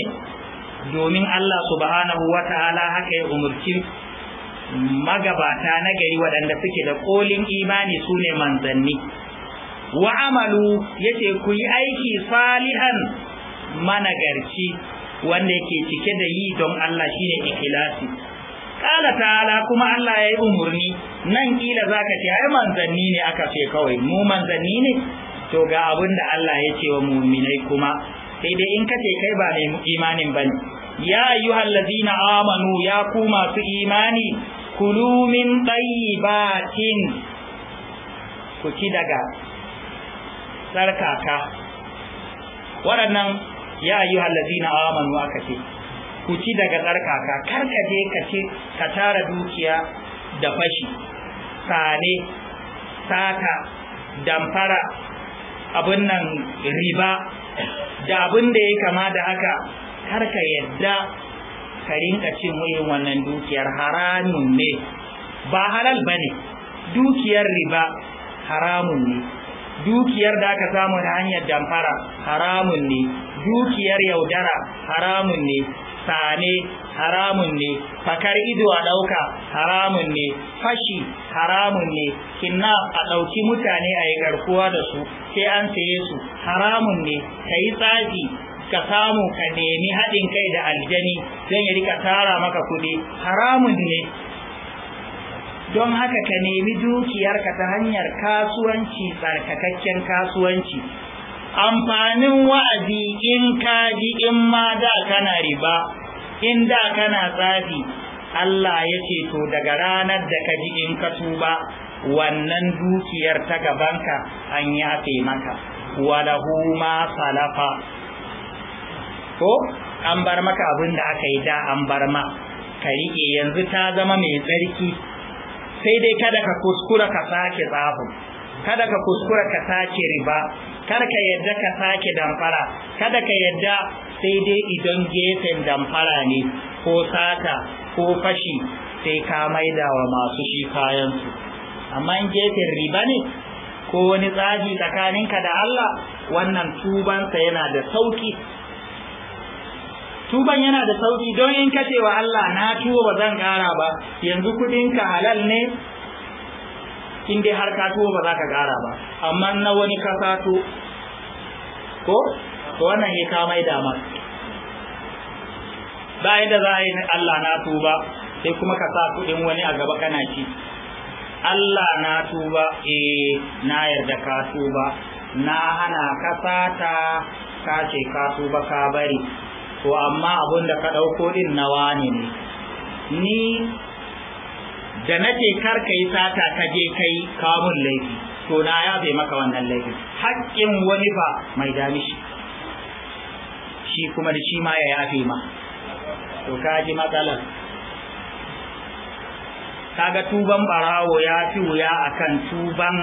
domin Allah subhanahu wa ta'ala haka ya umarci, magabata na gari waɗanda suke da kolin imani su ne manzanni wa amalu ce ku yi aiki salihan managarci wanda yake cike da yi don Allah shine ikhlasi kala ta'ala kuma Allah ya yi umarni nan kila za ka ce ai manzanni ne aka ce kawai mu manzanni ne to ga abin da Allah ya ce wa muminai kuma sai dai in ka ce kai ba mai imanin bane ya ayyuhal ladzina amanu ya ku masu imani kulu min tayyibatin ku ci daga sarkaka waɗannan ya ayyuhal ladzina amanu aka ce ku ci daga tsarkaka kar ka je ka ce ka tara dukiya da fashi sane saka damfara abin nan riba da abin da ya kama da haka kar ka yadda ka rinka cin wuyin wannan dukiyar haramun ne ba halal ba ne dukiyar riba haramun ne dukiyar da aka samu ta hanyar damfara haramun ne dukiyar yaudara haramun ne sane haramun ne fakar ido a ɗauka haramun ne fashi haramun ne kinna a ɗauki mutane a yi garkuwa da su sai an saye su haramun ne ka yi tsafi ka samu ka nemi haɗin kai da aljani don ya rika tara maka kuɗi haramun ne don haka ka nemi dukiyarka ta hanyar kasuwanci tsarkakakken kasuwanci amfanin wa'azi in ka ji in ma da kana riba in da kana tsafi Allah ya ce to daga ranar da ka ji in ka tuba wannan dukiyar ta ka, an yafe maka walahu ma salafa ko an bar maka abin da aka yi da an bar ma ka riƙe yanzu ta zama mai tsarki sai dai kada ka kuskura ka sake tsafin kada ka kuskura ka sake riba kada ka yadda ka sake damfara kada ka yadda sai dai idan gefen damfara ne ko sata ko fashi sai ka maida wa masu shi kayansu amma in gefen riba ne ko wani tsaji tsakaninka da Allah wannan tubansa yana da sauki tuban yana da sauki don in kace wa Allah na tuba ba zan kara ba yanzu kudinka halal ne in dai har ka tuwo ba za ka kara ba amma na wani ka sato ko to wannan ne ka mai dama ba yadda za a yi Allah na tuba sai kuma ka sa kuɗin wani a gaba kana ci Allah na tuba eh na yarda ka tuba na hana ka fata ka ce ka tuba ka bari to amma abin da ka ɗauko din nawa wani ne ni da nake kar ka yi sata ka je kai kamun laifi to na ya bai maka wannan laifin haƙƙin wani ba mai dami shi shi kuma da shi ma ya yafe ma to ka ji matsalar kaga tuban barawo ya fi wuya akan tuban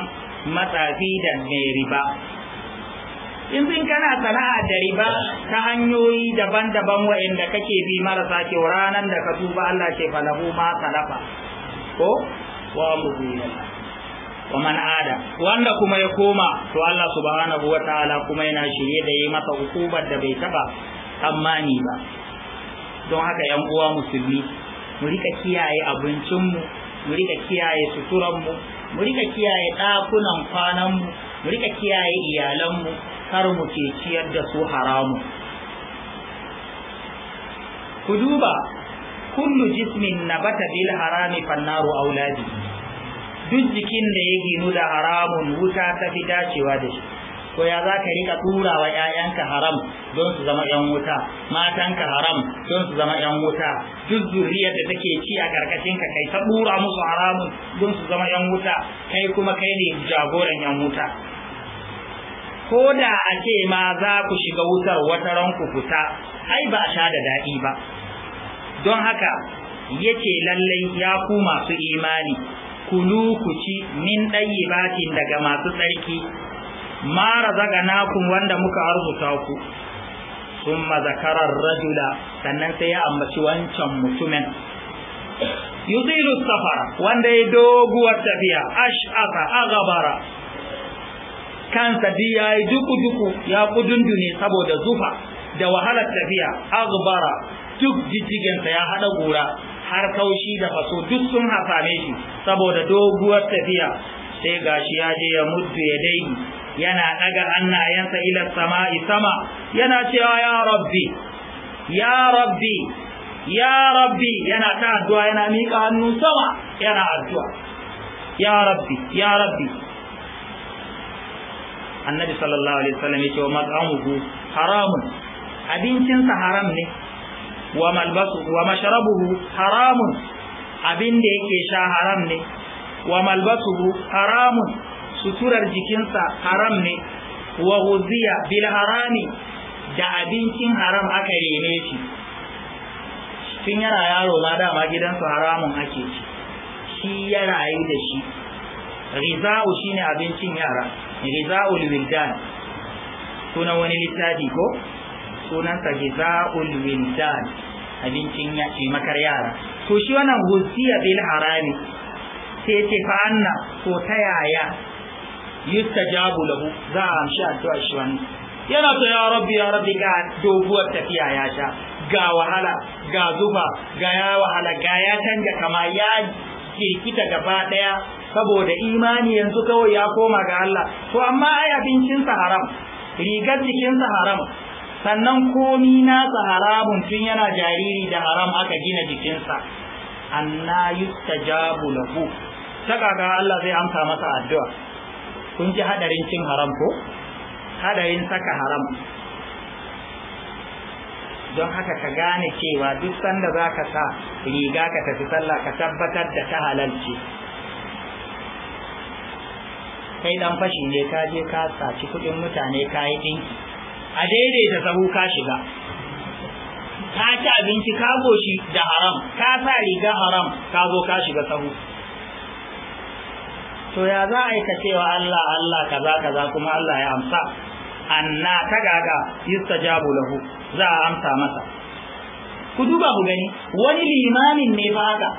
matsafi da mai riba in kana sana'a da riba ta hanyoyi daban-daban wa'inda kake bi marasa kyau ranar da ka tuba Allah ke falahu ma salafa ko wa mudina wa man ada wanda kuma ya koma to Allah subhanahu wa ta'ala kuma yana shirye da yi masa hukumar da bai taba tsammani ba don haka yan uwa musulmi mu rika kiyaye abincinmu mu rika kiyaye suturanmu mu rika kiyaye ɗakunan kwananmu mu rika kiyaye iyalanmu kar mu ke ciyar da su haramu ku duba kullu jismin nabata bil harami fannaru auladi duk jikin da ya ginu da haramun wuta ta fi dacewa da shi Ko ya za ka rika tura wa ‘ya'yanka haram don su zama ‘yan wuta matanka haram don su zama ‘yan wuta duk zuriyar da take ci a ka kai ta tura musu haramun don su zama ‘yan wuta kai kuma kai ne jagoran ‘yan wuta ko da a ce ma za ku shiga wutar wata ranku fita ai ba a sha da daɗi ba don haka yake lallai ya ku masu imani kulu ku ci min ɗayyibatin daga masu tsarki ma nakun wanda muka arzuta ku thumma zakara rajula sannan sai ya ambaci wancan mutumin yuzilu safara wanda ya doguwar tafiya ash'afa aghbara kansa duk ya yi duku duku ya kudundune saboda zufa da wahalar tafiya aghbara duk jijjigensa ya haɗa gura, har kaushi da faso duk sun hasame shi saboda doguwar tafiya sai gashi ya je ya mutu ya dai yana ɗaga annayensa ila sama'i sama yana cewa ya rabbi ya rabbi ya rabbi yana ta addu'a yana miƙa hannu sama yana addu'a ya rabbi ya rabbi annabi sallallahu alaihi wasallam ya ce wa mat'amuhu haramun abincinsa haram ne wa malbasu wa haramun abin da yake sha haram ne wa malbasuhu haramun suturar jikinsa haram ne wa huziya bil harami da abincin haram aka rene shi tun yana yaro ma dama gidansu haramun ake ci shi ya rayu da shi riza'u shine abincin yara riza'ul wildan sunan wani littafi ko sunansa giza'ul wildan abincin makar yara to shi wannan husiya bil harami sai ce fa anna ko ta yaya yustajabu lahu za a amshi addu'a shi wannan yana to ya rabbi ya rabbi ga doguwar tafiya ya sha ga wahala ga zuba ga ya wahala ga ya canja kama ya kirkita gaba daya saboda imani yanzu kawai ya koma ga Allah to amma ai abincinsa haram rigar sa haram sannan komi nasa haramun tun yana jariri da haram aka gina jikinsa anna Jabu lahu ta kaga Allah zai amsa masa addu'a kun ji hadarin cin haram ko hadarin saka haram don haka ka gane cewa duk sanda za ka sa riga ka tafi sallah ka tabbatar da ta halalci kai dan fashi ne ka je ka saci kuɗin mutane ka yi ɗinki a daidaita sahu ka shiga ka ci abinci ka goshi da haram ka sa riga haram ka zo ka shiga sahu to ya za a yi ka cewa Allah Allah kaza kaza kuma Allah ya amsa anna ta gaga Jabu lahu za a amsa masa ku duba ku gani wani limamin ne ba haka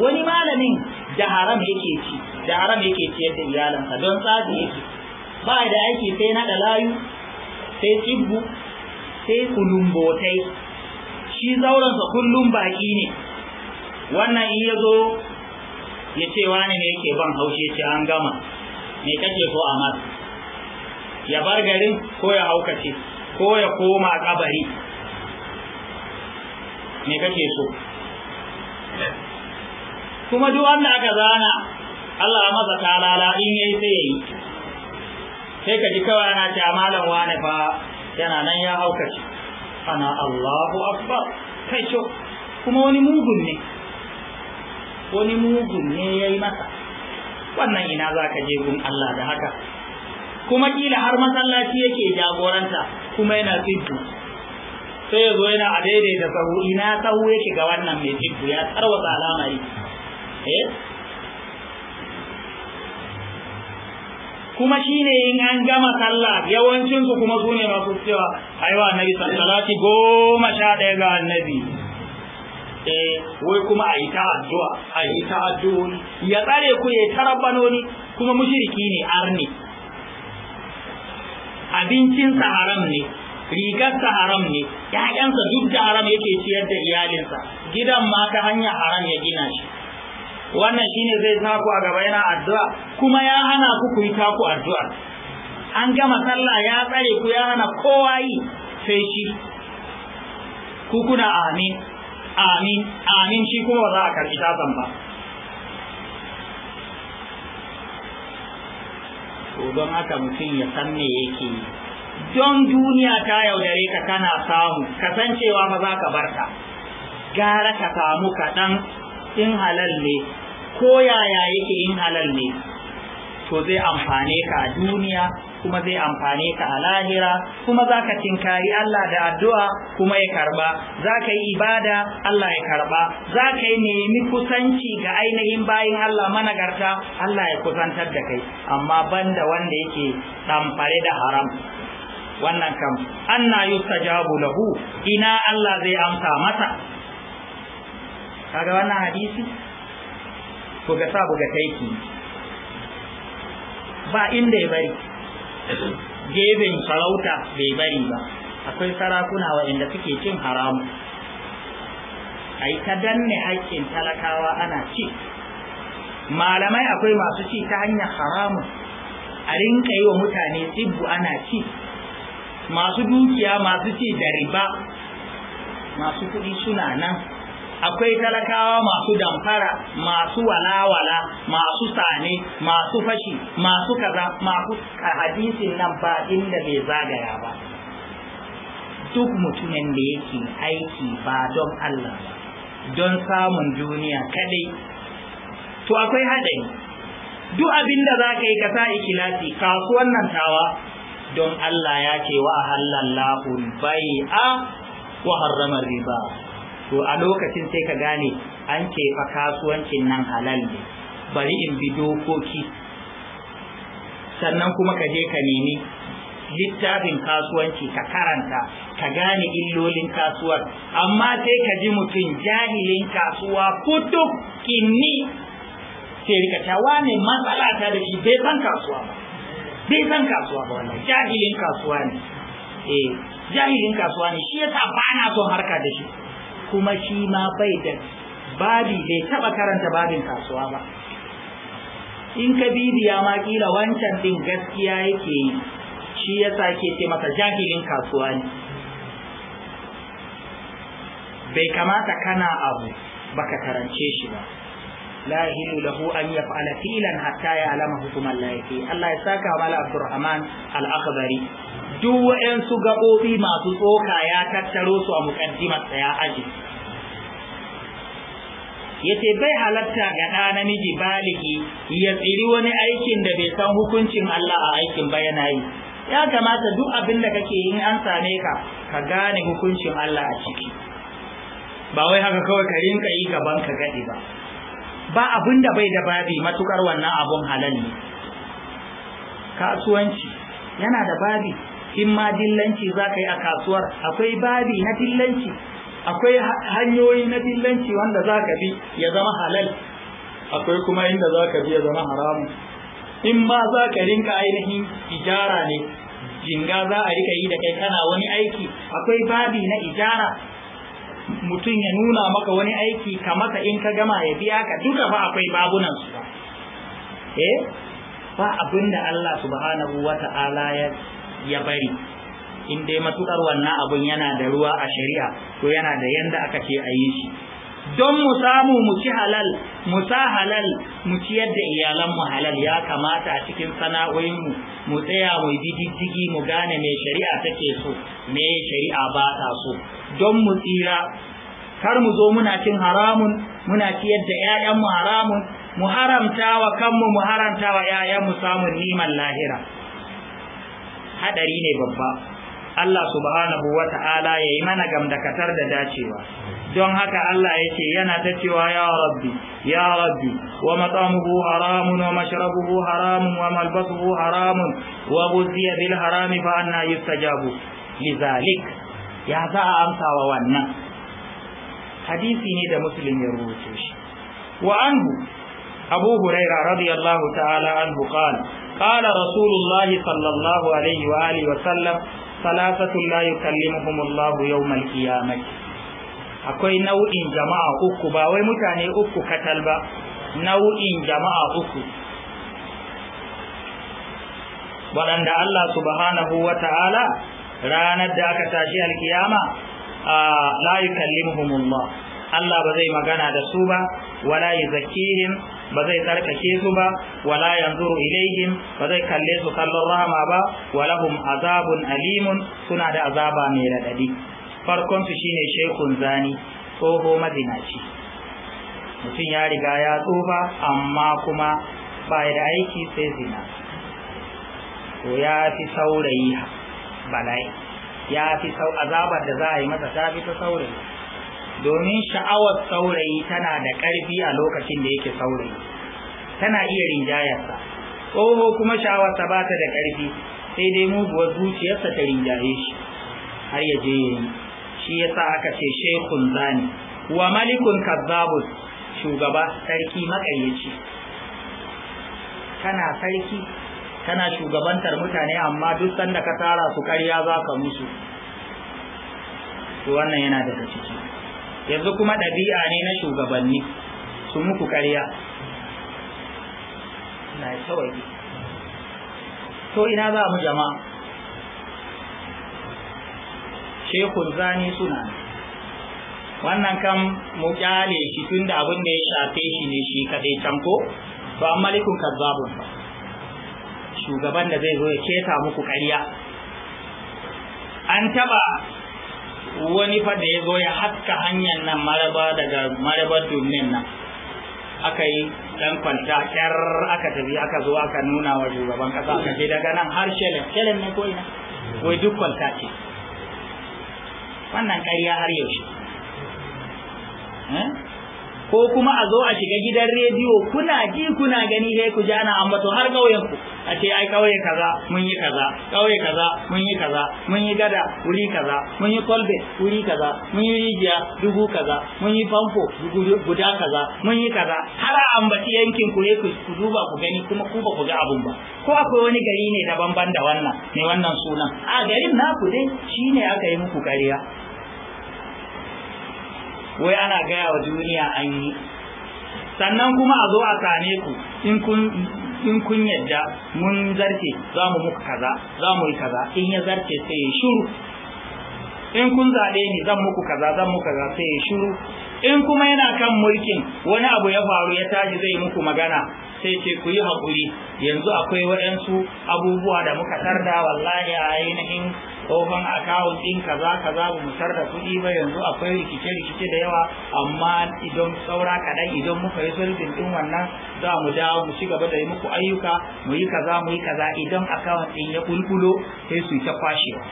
wani malamin da haram yake ci da haram yake ciyar da iyalansa don tsafi yake ba da aiki sai na da layu sai tibbu, sai kulumbotai shi zaurensa kullum baki ne wannan in ya zo ya ce wani ne yake ban haushe ce an gama me kake so a ya bar garin ko ya haukace ko ya koma kabari me kake so kuma duk wanda aka zana Allah masa lala in yayi sai yayi sai ka ji kawai ana ce malam wane fa yana nan ya haukace ana Allahu akbar kai co kuma wani mugun ne wani mugun ne ya yi masa wannan ina za ka je gun Allah da haka kuma kila har masallaci yake jagoranta kuma yana fiddu sai ya zo yana a daidaita sahu ina sahu yake ga wannan mai fiddu ya tarwata al'amari eh kuma shine in an gama sallah yawancin su kuma sune masu cewa aiwa annabi salati goma sha ɗaya ga annabi eh wai kuma a yi ta addu'a a yi ta addu'a ya tsare ku ya tarabbanoni kuma mushriki ne arni abincinsa haram ne rigarsa haram ne ƴaƴansa duk da haram yake ciyar da iyalinsa gidan ma ta hanyar haram ya gina shi wannan shi ne zai sa a gaba yana addu'a kuma ya hana ku ku yi taku addu'a an gama sallah ya tsare ku ya hana kowa yi sai shi ku kuna amin amin amin shi kuma ba za a karɓi tasan ba to don haka mutum ya san me yake don duniya ta yaudare ka kana samu kasancewa ba za ka bar ka, gara ka samu kaɗan in halal ne ko yaya yake yin halal ne to zai amfane ka a duniya kuma zai amfane ka a lahira kuma za ka tinkari Allah da addu'a kuma ya karba za ka yi ibada Allah ya karba za ka yi nemi kusanci ga ainihin bayin Allah managarta Allah ya kusantar da kai amma banda wanda yake ɗamfare da haram wannan kam anna yustajabu lahu ina Allah zai amsa masa kaga wannan hadisi ga sa buga taiki ba inda ya bari gefen sarauta bai bari ba akwai sarakuna waɗanda suke cin haramu a danne haƙƙin talakawa ana ci malamai akwai masu ci ta hanyar haramu a rinka yi wa mutane tsibbu ana ci masu dukiya masu ci da riba masu kuɗi suna nan akwai talakawa masu damfara masu walawala masu sane masu fashi masu kaza masu hadisin nan ba inda bai zagaya ba duk mutumin da yake aiki ba don Allah ba don samun duniya kadai to akwai haɗari duk abin da za ka yi ka sa ikilasi kasuwan nan tawa don Allah ya ce wa halallahu bai'a wa harrama riba to a lokacin sai ka gane an ce fa kasuwancin nan halal ne bari in bi dokoki sannan kuma ka je ka nemi littafin kasuwanci ka karanta ka gane illolin kasuwar amma sai ka ji mutum jahilin kasuwa kutuk kinni sai rika tawa ne matsala ta da shi bai san kasuwa ba bai san kasuwa ba wannan jahilin kasuwa ne eh jahilin kasuwa ne shi yasa ba na son harka da shi kuma shi ma bai da babi bai taba karanta babin kasuwa ba in ka bibiya ma kila wancan din gaskiya yake yi shi yasa ke ce masa jahilin kasuwa ne bai kamata kana abu baka karance shi ba la yahinu lahu an fa'ala filan hatta ya alama hukuman la Allah ya saka mala Abdurrahman al-Akhdari duk waɗansu gaɓoɓi masu tsoka ya tattaro su a muƙaddimarsa ya aji yace bai halatta ga ɗa namiji baliki ya tsiri wani aikin da bai san hukuncin Allah a aikin ba yi ya kamata duk abin da kake yin an same ka ka gane hukuncin Allah a ciki ba wai haka kawai ka rinka yi gaban ka gadi ba ba abin da bai da babi matukar wannan abun halal ne kasuwanci yana da babi in ma dillanci za ka yi a kasuwar akwai babi na dillanci akwai hanyoyi na dillanci wanda za ka bi ya zama halal akwai kuma inda za ka bi ya zama haramu in ma za ka rinka ainihin ijara ne jinga za a rika yi da kai kana wani aiki akwai babi na ijara mutum ya nuna maka wani aiki ka masa in ka gama ya biya ka duka ba akwai babunan su ba eh ba abinda Allah subhanahu wata'ala ya ya bari in dai matukar wannan abun yana da ruwa a shari'a to yana da yanda aka ce a yi shi don mu samu mu ci halal mu sa halal mu ciyar iyalan mu halal ya kamata a cikin sana'o'in mu mu tsaya mu diddigi mu gane me shari'a take so me shari'a ba ta so don mu tsira kar mu zo muna cin haramun muna ciyar da mu haramun mu haramta wa kanmu mu haramta wa 'ya'yanmu samun niman lahira hadari ne babba Allah subhanahu wa ta'ala ya yi mana gamdakatar da dacewa don haka Allah ya ce yana ta cewa ya rabbi ya rabbi wa mat'amuhu haramun wa mashrabuhu haramun wa malbasuhu haramun wa ghuziya bil harami fa anna yustajabu lizalik ya za a amsa wa wannan hadisi ne da muslim ya rubuce shi wa anhu abu hurairah radiyallahu ta'ala anhu qala قال رسول الله صلى الله عليه وآله وسلم ثلاثة لا يكلمهم الله يوم akwai nau'in jama'a uku ba wai mutane uku katal ba nau'in jama'a uku waɗanda Allah subhanahu wa ta'ala ranar da aka tashi alkiyama a la yukallimuhumullah Allah ba zai magana da su ba wala yuzakkihim ba zai tsarkake su ba wala yanzu ilaihim ba zai kalle su kallon rahama ba wala walahum azabun alimun suna da azaba mai radadi farkon su shine shekun zani tsoho mazinaci mutum ya riga ya tsufa amma kuma ba da aiki sai zina to ya fi saurayi bala'i ya fi azabar da za a yi masa ta fi ta saurayi domin sha'awar saurayi tana da ƙarfi a lokacin da yake saurayi tana iya rinjayarsa tsoho kuma sha'awarsa ba ta da ƙarfi sai dai muguwar zuciyarsa ta rinjaye shi har ya je ya yi shi ya sa aka ce shekun zani wa malikun kazzabus shugaba sarki makayyaci kana sarki tana shugabantar mutane amma duk sanda ka tara su karya za ka musu wannan yana daga ciki yanzu kuma ɗabi'a ne na shugabanni su muku ƙarya na tsawaki to ina za mu jama'a shekun zani suna wannan kan mu kyale shi tun da abin da ya shafe shi ne shi kaɗai can ko to an malikun kazzabun shugaban da zai zo ya keta muku ƙarya an taɓa wani fa da ya zo ya haska hanyar nan maraba daga maraba domin nan aka yi dan kwanta kyar aka tafi aka zo aka nuna wa shugaban kasa aka je daga nan har shelen shelen ne ko na wai duk kwanta ce wannan kariya har yaushe eh? ko kuma a zo a shiga gidan rediyo kuna ji kuna gani sai ku jana ana To har ƙauyen ku a ce ai kauye kaza mun yi kaza ƙauye kaza mun yi kaza mun yi gada wuri kaza mun yi kolbe wuri kaza mun yi rijiya dubu kaza mun yi famfo guda kaza mun yi kaza har ambaci yankin ku ku ku duba ku gani kuma ku ba ku ga abun ba ko akwai wani gari ne daban-ban da wannan ne wannan sunan a garin naku dai shine aka yi muku kariya wai ana gaya wa duniya an yi sannan kuma a zo a same ku in kun yadda mun zarce za mu muku kaza za mu yi kaza in ya zarce sai ya shuru in kun zaɓe ni zan muku kaza zan muku kaza sai ya shuru in kuma yana kan mulkin wani abu ya faru ya tashi zai muku magana sai ce ku yi haƙuri yanzu akwai waɗansu abubuwa da muka tarda wallahi a ainihin tsohon akawun ɗin kaza kaza mu musar da kuɗi ba yanzu akwai rikice rikice da yawa amma idan saura kaɗan idan muka yi sulhin ɗin wannan za mu dawo mu ci gaba da yi muku ayyuka mu yi kaza mu yi kaza idan akawun ɗin ya kulkulo sai su ta kwashewa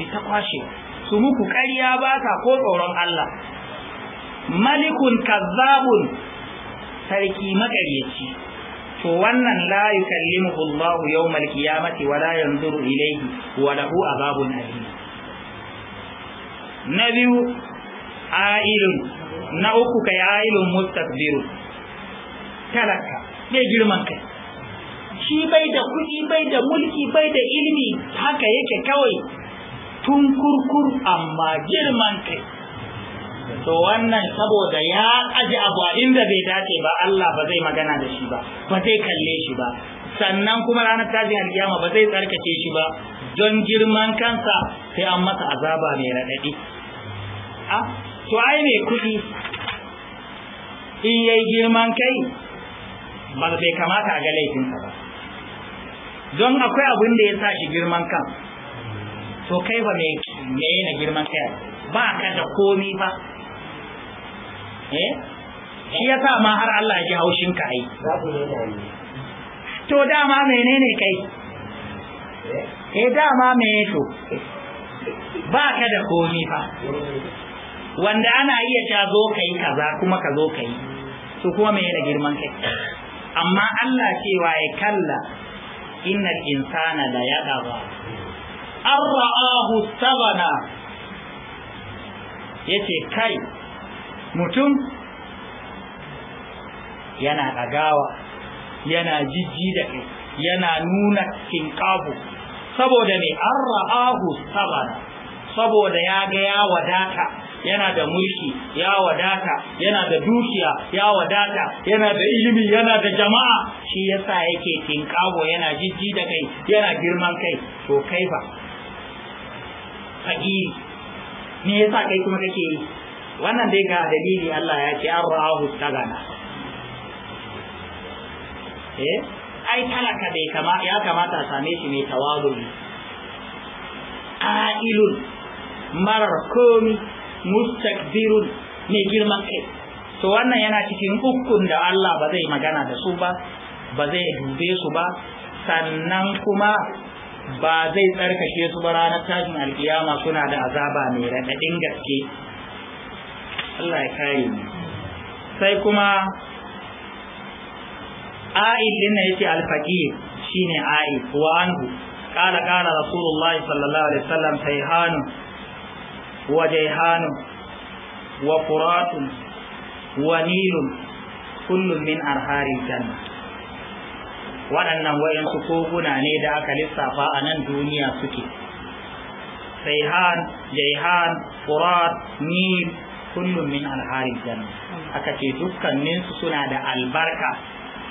su ta kwashewa su muku ƙarya ba ta ko tsoron Allah malikun kazzabun sarki maƙaryaci to wannan la yukallimuhu Allah yawmal qiyamati wa la yanzuru ilayhi wa lahu azabun alim na biyu ailun na uku kai ailun mustakbiru talaka ne girman kai shi bai da kuɗi bai da mulki bai da ilimi haka yake kawai tun kurkur amma girman kai to wannan saboda ya aji abu a inda zai dace ba Allah ba zai magana da shi ba ba zai kalle shi ba sannan kuma ranar tashin alkiyama ba zai tsarkake shi ba don girman kansa sai an masa azaba mai raɗaɗi a ah, to ai mai kuɗi in yayi girman kai ba zai kamata a ga laifinsa ba don akwai abin da ya sa shi girman kan to kai ba mai na girman kai ba ka da komi ba Eh? shi ya sa ma har Allah ya ji haushin ka ai to dama menene kai eh, eh dama me to ba ka da komi fa wanda ana iya ta zo kai kaza kuma ka zo kai to kuma me da girman kai amma Allah cewa ya kalla innal insana la yadaba an sabana yace kai mutum yana ɗagawa yana jijji da kai yana nuna kinkabu saboda ne an ra'ahu sabana saboda ya ga ya wadata yana da mulki ya wadata yana da dukiya ya wadata yana da ilimi yana da jama'a shi yasa yake kinkago yana jijji da kai yana girman kai to kai ba fa'iri me yasa kai kuma kake yi wannan dai ga dalili Allah ya ce an ra'ahu tagana eh ai talaka dai kama ya kamata a same shi mai tawadul ailun marar komi mustakbirun mai girman kai to wannan yana cikin hukun da Allah ba zai magana da su ba ba zai dube su ba sannan kuma ba zai tsarkake su ba ranar tashin alkiyama suna da azaba mai raɗaɗin gaske Allah ya kare mu sai kuma a'id din nan yace al-faqir shine a'id wa anhu qala qala rasulullahi sallallahu alaihi wasallam sayhanu wa jayhanu wa furatun wa nilun kullun min arharil janna waɗannan wayansu koguna ne da aka lissafa a nan duniya suke sayhan jayhan furat nil kullum min alharin janna aka ce dukkanin su suna da albarka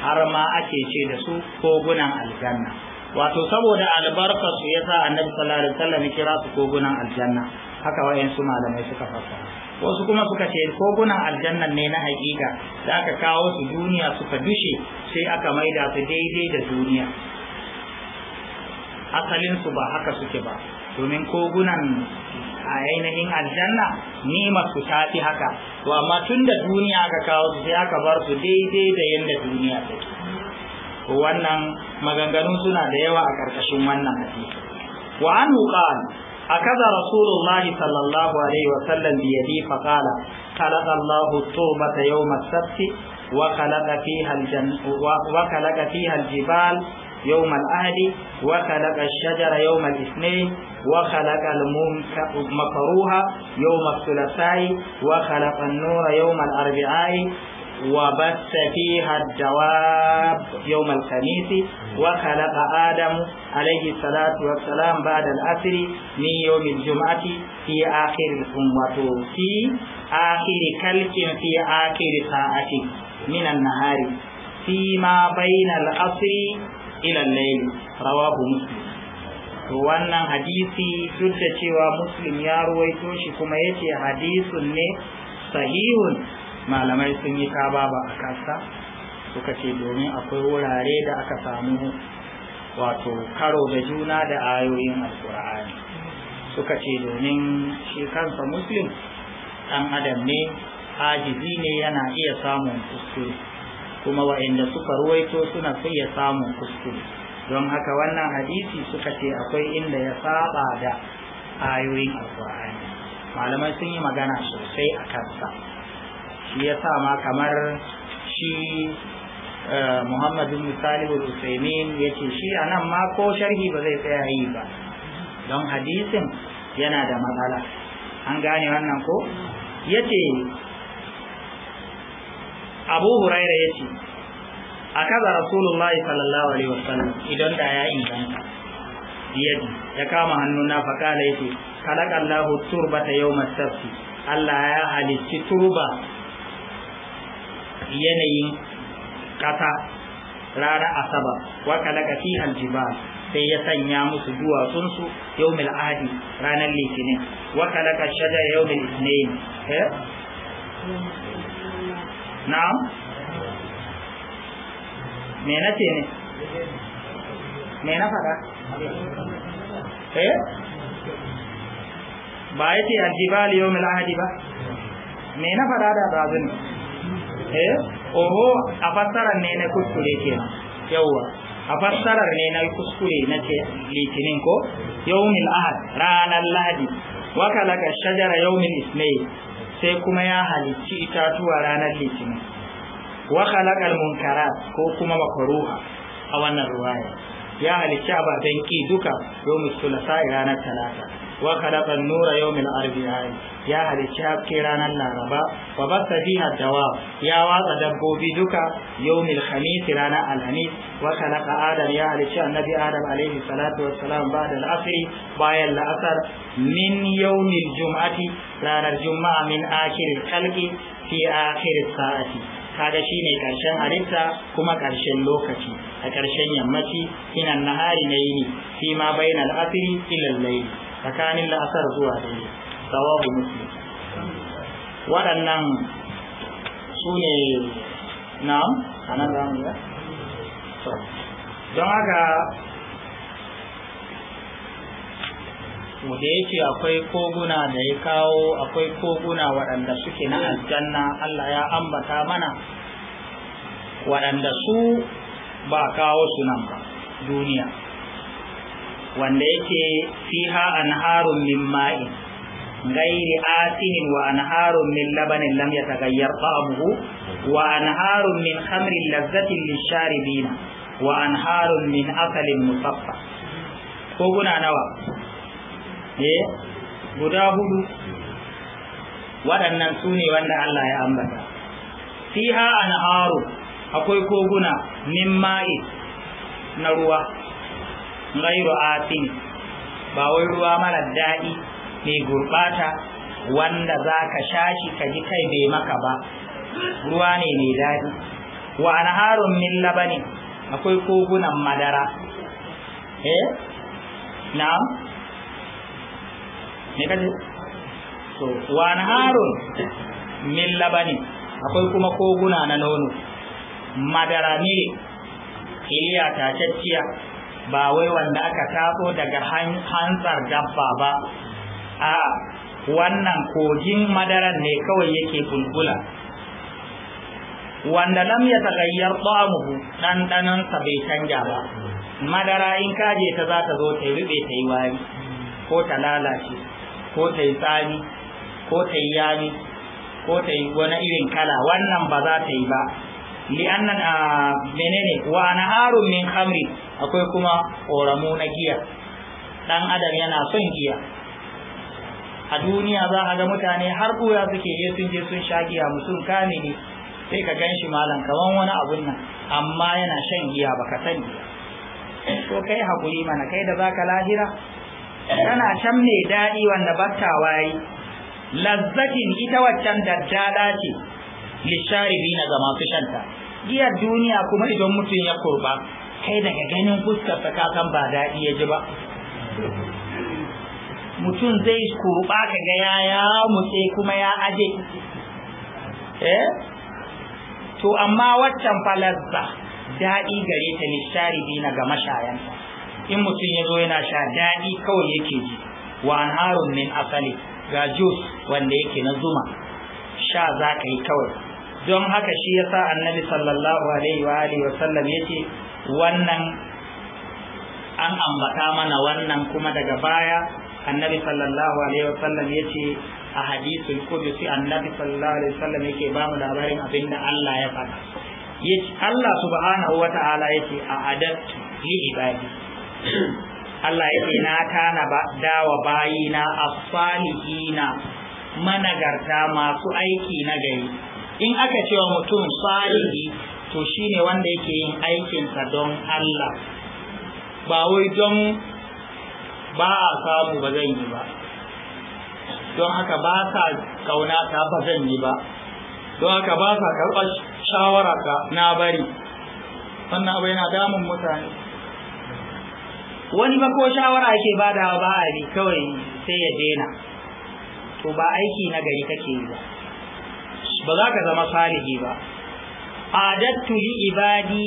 har ma ake ce da su kogunan aljanna wato saboda albarka su yasa annabi sallallahu alaihi wasallam kira su kogunan aljanna haka wayansu malamai suka fassara wasu kuma suka ce kogunan aljanna ne na hakika da aka kawo su duniya suka dushe sai aka maida su daidai da duniya asalin su ba haka suke ba domin kogunan a ainihin aljanna Ni masu tafi haka to amma tun da duniya aka kawo su sai aka bar su daidai da yadda duniya ta take wannan maganganu suna da yawa a ƙarƙashin wannan hadisi wa anhu qala kaza رسول sallallahu alaihi wa sallam, وسلم بيدي فقال Kala الله التربة يوم السبت وخلق Wa الجن وخلق فيها jibal. يوم الأهل وخلق الشجر يوم الاثنين وخلق المكروه يوم الثلاثاء وخلق النور يوم الأربعاء وبث فيها الدواب يوم الخميس وخلق آدم عليه الصلاة والسلام بعد الأسر من يوم الجمعة في آخر الأمة في آخر كلك في آخر ساعة من النهار فيما بين الأسر ila layl rawahu muslim to wannan hadisi duk da cewa muslim ya ruwaito shi kuma yace hadisun ne sahihun malamai sun yi kaba ba a kasa suka ce domin akwai wurare da aka samu wato karo da juna da ayoyin alkur'ani suka ce domin shi kansa muslim dan adam ne ajizi ne yana iya samun kuskure kuma wa'inda suka ruwaito suna ya samu kuskure don haka wannan hadisi suka ce akwai inda ya saba da ayoyin alkur'ani malamai sun yi magana sosai a kansa shi ya sa ma kamar shi eh, muhammadu misali usaimin ya ce shi a nan ma ko sharhi ba zai tsaya yi ba don hadisin yana da matsala an gane wannan ko ya ce abu huraira ya ce a kaza rasulullahi sallallahu alaihi wasallam idan da ya inganta biyadi ya kama hannuna faƙala ya ce kalakallahu ta yau masarfi Allah ya halicci turba yanayin ƙasa rana asaba wa kalaka fi aljiba sai ya sanya musu duwatsunsu yau ahadi ranar litinin wa kalaka shajar yau mil'isnayin eh? na'am me na ce ne me na faɗa eh ba ya ce aljibal yau mil ba me na faɗa da razin eh oho a fassarar ne na kuskure ke yauwa a fassarar ne na kuskure na ce litinin ko yau mil ranar lahadi Wakala laka shajara yau ismail sai kuma ya halicci itatuwa ranar litinin wa khalaqal munkarat ko kuma makruha a wannan ruwaya ya halicci abadan ki duka yawmul thulatha ranar talata wa khalaqan nura yawmin arbi'a ya halicci haske ranar laraba wa basta fiha dawa ya watsa dabbobi duka yawmil khamis ranar alhamis wa khalaqa adam ya halicci annabi adam alaihi salatu wassalam ba'da al'asri bayan la'asar min yawmil jum'ati ranar juma'a min akhiril khalqi fi akhiris sa'ati kaga shine karshen halitta kuma karshen lokaci a karshen yammaci ina nahari na yini fi ma bainal asri ila al-layl tsakanin la'asar zuwa dare sawabu musu waɗannan su ne na anan za mu don haka da yake akwai koguna da ya kawo akwai koguna waɗanda suke na aljanna Allah ya ambata mana waɗanda su ba kawo su nan ba duniya wanda yake fiha anharun min ma'in ghairi asinin wa anharun min labanin lam yataghayyar ta'amuhu wa anharun min khamrin lazzatin lisharibina wa anharun min asalin musaffa koguna nawa eh guda hudu waɗannan sune wanda Allah ya ambata fiha anharu akwai koguna min ma'i na ruwa ghairu atin ba wai ruwa mara daɗi mai gurɓata wanda za ka sha shi ka ji kai bai maka ba ruwa ne mai daɗi wa anharun min labani akwai kogunan madara eh na'am ne kaje so wa anharun min labani akwai kuma koguna na nono madara ne iliya tacacciya ba wai wanda aka taso daga hantsar dabba ba a wannan kogin madaran ne kawai yake bulbula wanda lam ya tagayyar tsamuhu ɗanɗanansa bai canja ba madara in kaje ta za ta zo ta yi ta yi wari ko ta lalace ko ta yi tsami ko ta yi yami ko ta yi wani irin kala wannan ba za ta yi ba li'annan a menene wa harun min khamri akwai kuma ƙoramu na giya dan adam yana son giya a duniya za a ga mutane har ɓuya suke je sun je sun sha giya mutum kame ne sai ka gan shi malam kaman wani abun nan amma yana shan giya ba ka sani Ko kai hakuri mana kai da za ka lahira kana shan mai daɗi wanda ta wayi lazzatin ita waccan daddada ce lisharibi na ga masu shanta giyar duniya kuma idan mutum ya kurba kai daga ganin fuskar ka san ba daɗi ya ji ba mutum zai kurba ka ga ya ya sai kuma ya aje eh to amma waccan falazza daɗi gare ta lisharibi na ga mashayanta in mutum ya zo yana sha daɗi kawai yake ji wa harun min asali ga jus wanda yake na zuma sha za ka yi kawai don haka shi yasa annabi sallallahu alaihi wa alihi wa sallam yace wannan an ambata mana wannan kuma daga baya annabi sallallahu alaihi wasallam ya ce a da shi annabi sallallahu alaihi wasallam yake ba mu labarin abin da Allah ya faɗa yace Allah subhanahu wata'ala yake a adattu li ibadi Allah yake na tana ba dawa bayina as-salihina managarta masu aiki na gari in aka ce wa mutum salihi to shine wanda yake yin aikinsa don Allah ba wai don ba a samu ba zan yi ba don haka ba sa kauna ta ba zan yi ba don haka ba sa karɓa shawara ta na bari wannan abu yana damun mutane wani ba ko shawara ake badawa ba a bi kawai sai ya daina to ba aiki na gari kake yi ba ba za ka zama salihi ba adattu li ibadi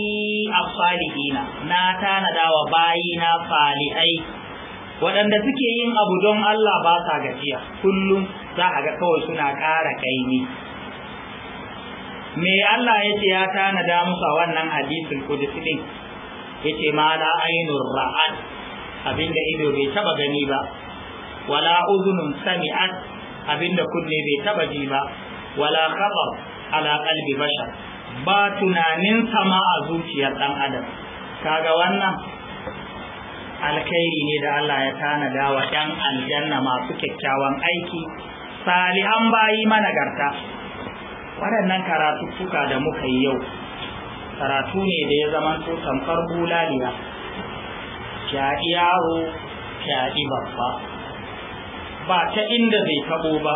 a salihina na wa bayina salihai waɗanda suke yin abu don Allah ba sa gajiya kullum za a ga kawai suna ƙara ƙaimi me Allah ya ce ya tana musu a wannan hadisin kudusi din ya ce ma la ainur ra'at abinda ido bai taba gani ba wala uzunun sami'at abinda kunne bai taba ji ba wala khabar ala qalbi bashar ba tunanin sama a zuciyar ɗan adam kaga wannan alkhairi ne da Allah ya tanada wa ɗan aljanna masu kyakkyawan aiki salihan bayi mana managarta waɗannan suka da muka yi yau karatu ne da ya zama to tamkar bulaliya fyaɗi yaro fyaɗi babba ba ta inda zai tabo ba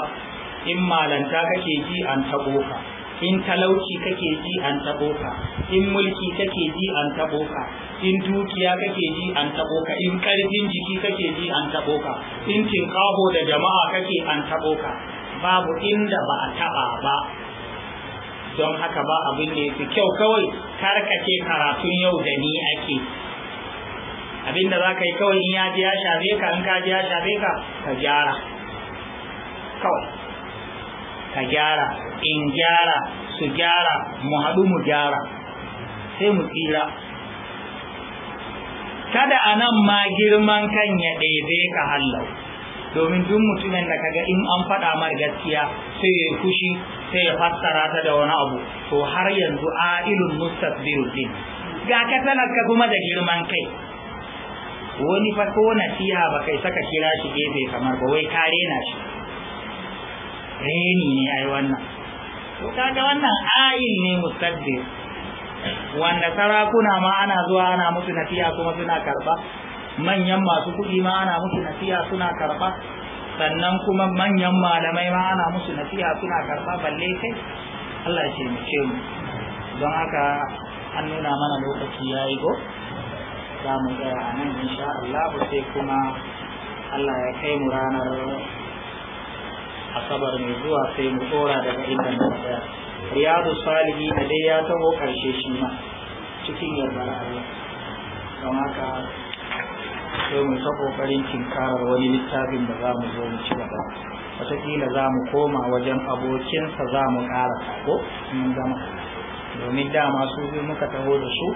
in malanta kake ji an taɓo ka in talauci kake ji an taɓo ka in mulki kake ji an taɓo ka in dukiya kake ji an tabo ka in karfin jiki kake ji an tabo ka in tinkaho da jama'a kake an tabo ka babu inda ba a taba ba don haka ba abin da yafi kyau kawai karkace karatun yau da ni ake abin da za ka yi kawai in ya ji ya shafe ka in ka ji ya shafe ka ka gyara kawai ka gyara in gyara su gyara mu haɗu mu gyara sai mu tsira kada a nan ma girman kan ya ɗebe ka hallau domin duk mutumin da kaga in an faɗa mar gaskiya sai ya kushi sai ya fassara ta da wani abu to har yanzu ailun mustasbiruddin ga ka talaka kuma da girman kai wani fa ko siya ba kai saka kira shi gefe kamar ba wai kare na shi reni ne ai wannan to kaga wannan ayin ne mustasbir wanda sarakuna ma ana zuwa ana musu nasiya kuma suna karba manyan masu kuɗi ma ana musu nasiya suna karba sannan kuma manyan malamai ma ana musu nasiya suna karba balle kai Allah ya ce mu don haka an nuna mana lokaci ya yi go za mu tsaya a nan insha Allah sai kuma Allah ya kai mu ranar asabar mai zuwa sai mu tsora daga inda muka tsaya riyadu salihi da dai ya taho karshe shi ma cikin yardar Allah don haka sai mu ta kokarin tinkarar wani littafin da za mu zo mu ci gaba wataƙila za mu koma wajen abokinsa za mu ƙara ko mun zama domin dama su biyu muka taho da su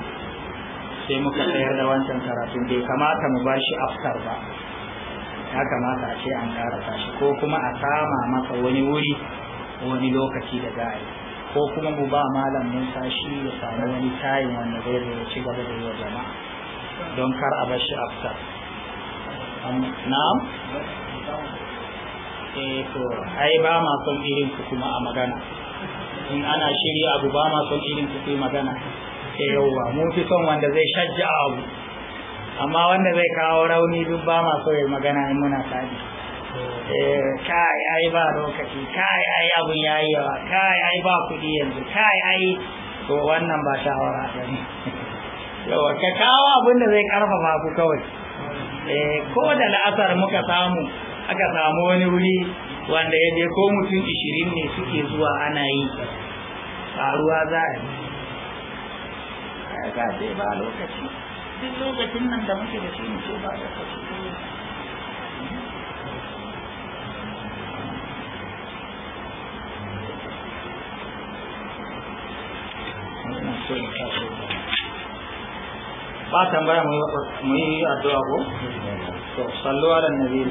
sai muka tsayar da wancan karatun bai kamata mu bashi aftar ba ya kamata a ce an karasa shi ko kuma a kama masa wani wuri wani lokaci da za yi ko kuma mu ba malam Musa shi ya samu wani tayin wanda zai ya ci gaba da yi jama'a don kar a bar shi afta na'am eh to ai ba ma son irin ku kuma a magana in ana shirya abu ba ma son irin ku magana eh yawa, mu fi son wanda zai shajja abu amma wanda zai kawo rauni duk ba ma so ya magana in muna tadi Eh, kai ai ba lokaci kai ai abun yayi yawa kai ai ba kuɗi yanzu kai ai to wannan ba shawara ba ne yawa ka kawo abin da zai karfafa ku kawai eh ko da la'asar muka samu aka samu wani wuri wanda ya je ko mutum ishirin ne suke zuwa ana yi faruwa za a yi ba lokaci duk lokacin nan da muke da shi mu ce ba lokaci ba tambaya mu yi addu'a ko to sallu ala nabi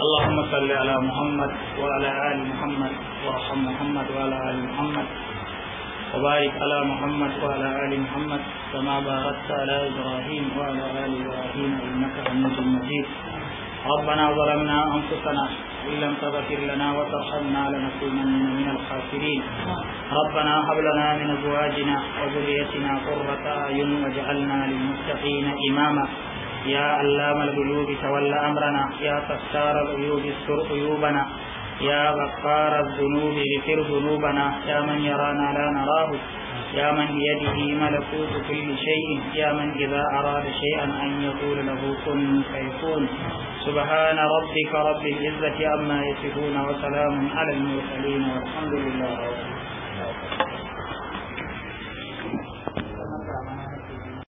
اللهم صل على محمد وعلى ال محمد وارحم محمد وعلى ال محمد وبارك على محمد وعلى آل محمد كما باركت على إبراهيم وعلى آل إبراهيم إنك حميد مجيد ربنا ظلمنا أنفسنا إن لم تغفر لنا وترحمنا لنكونن من الخاسرين ربنا هب لنا من أزواجنا وذريتنا قرة أعين واجعلنا للمتقين إماما يا علام الغيوب تول أمرنا يا تستار العيوب استر عيوبنا يا غفار الذنوب اغفر ذنوبنا يا من يرانا لا نراه يا من بيده ملكوت كل شيء يا من إذا أراد شيئا أن يقول له كن فيكون سبحان ربك رب العزة عما يصفون وسلام على المرسلين والحمد لله رب العالمين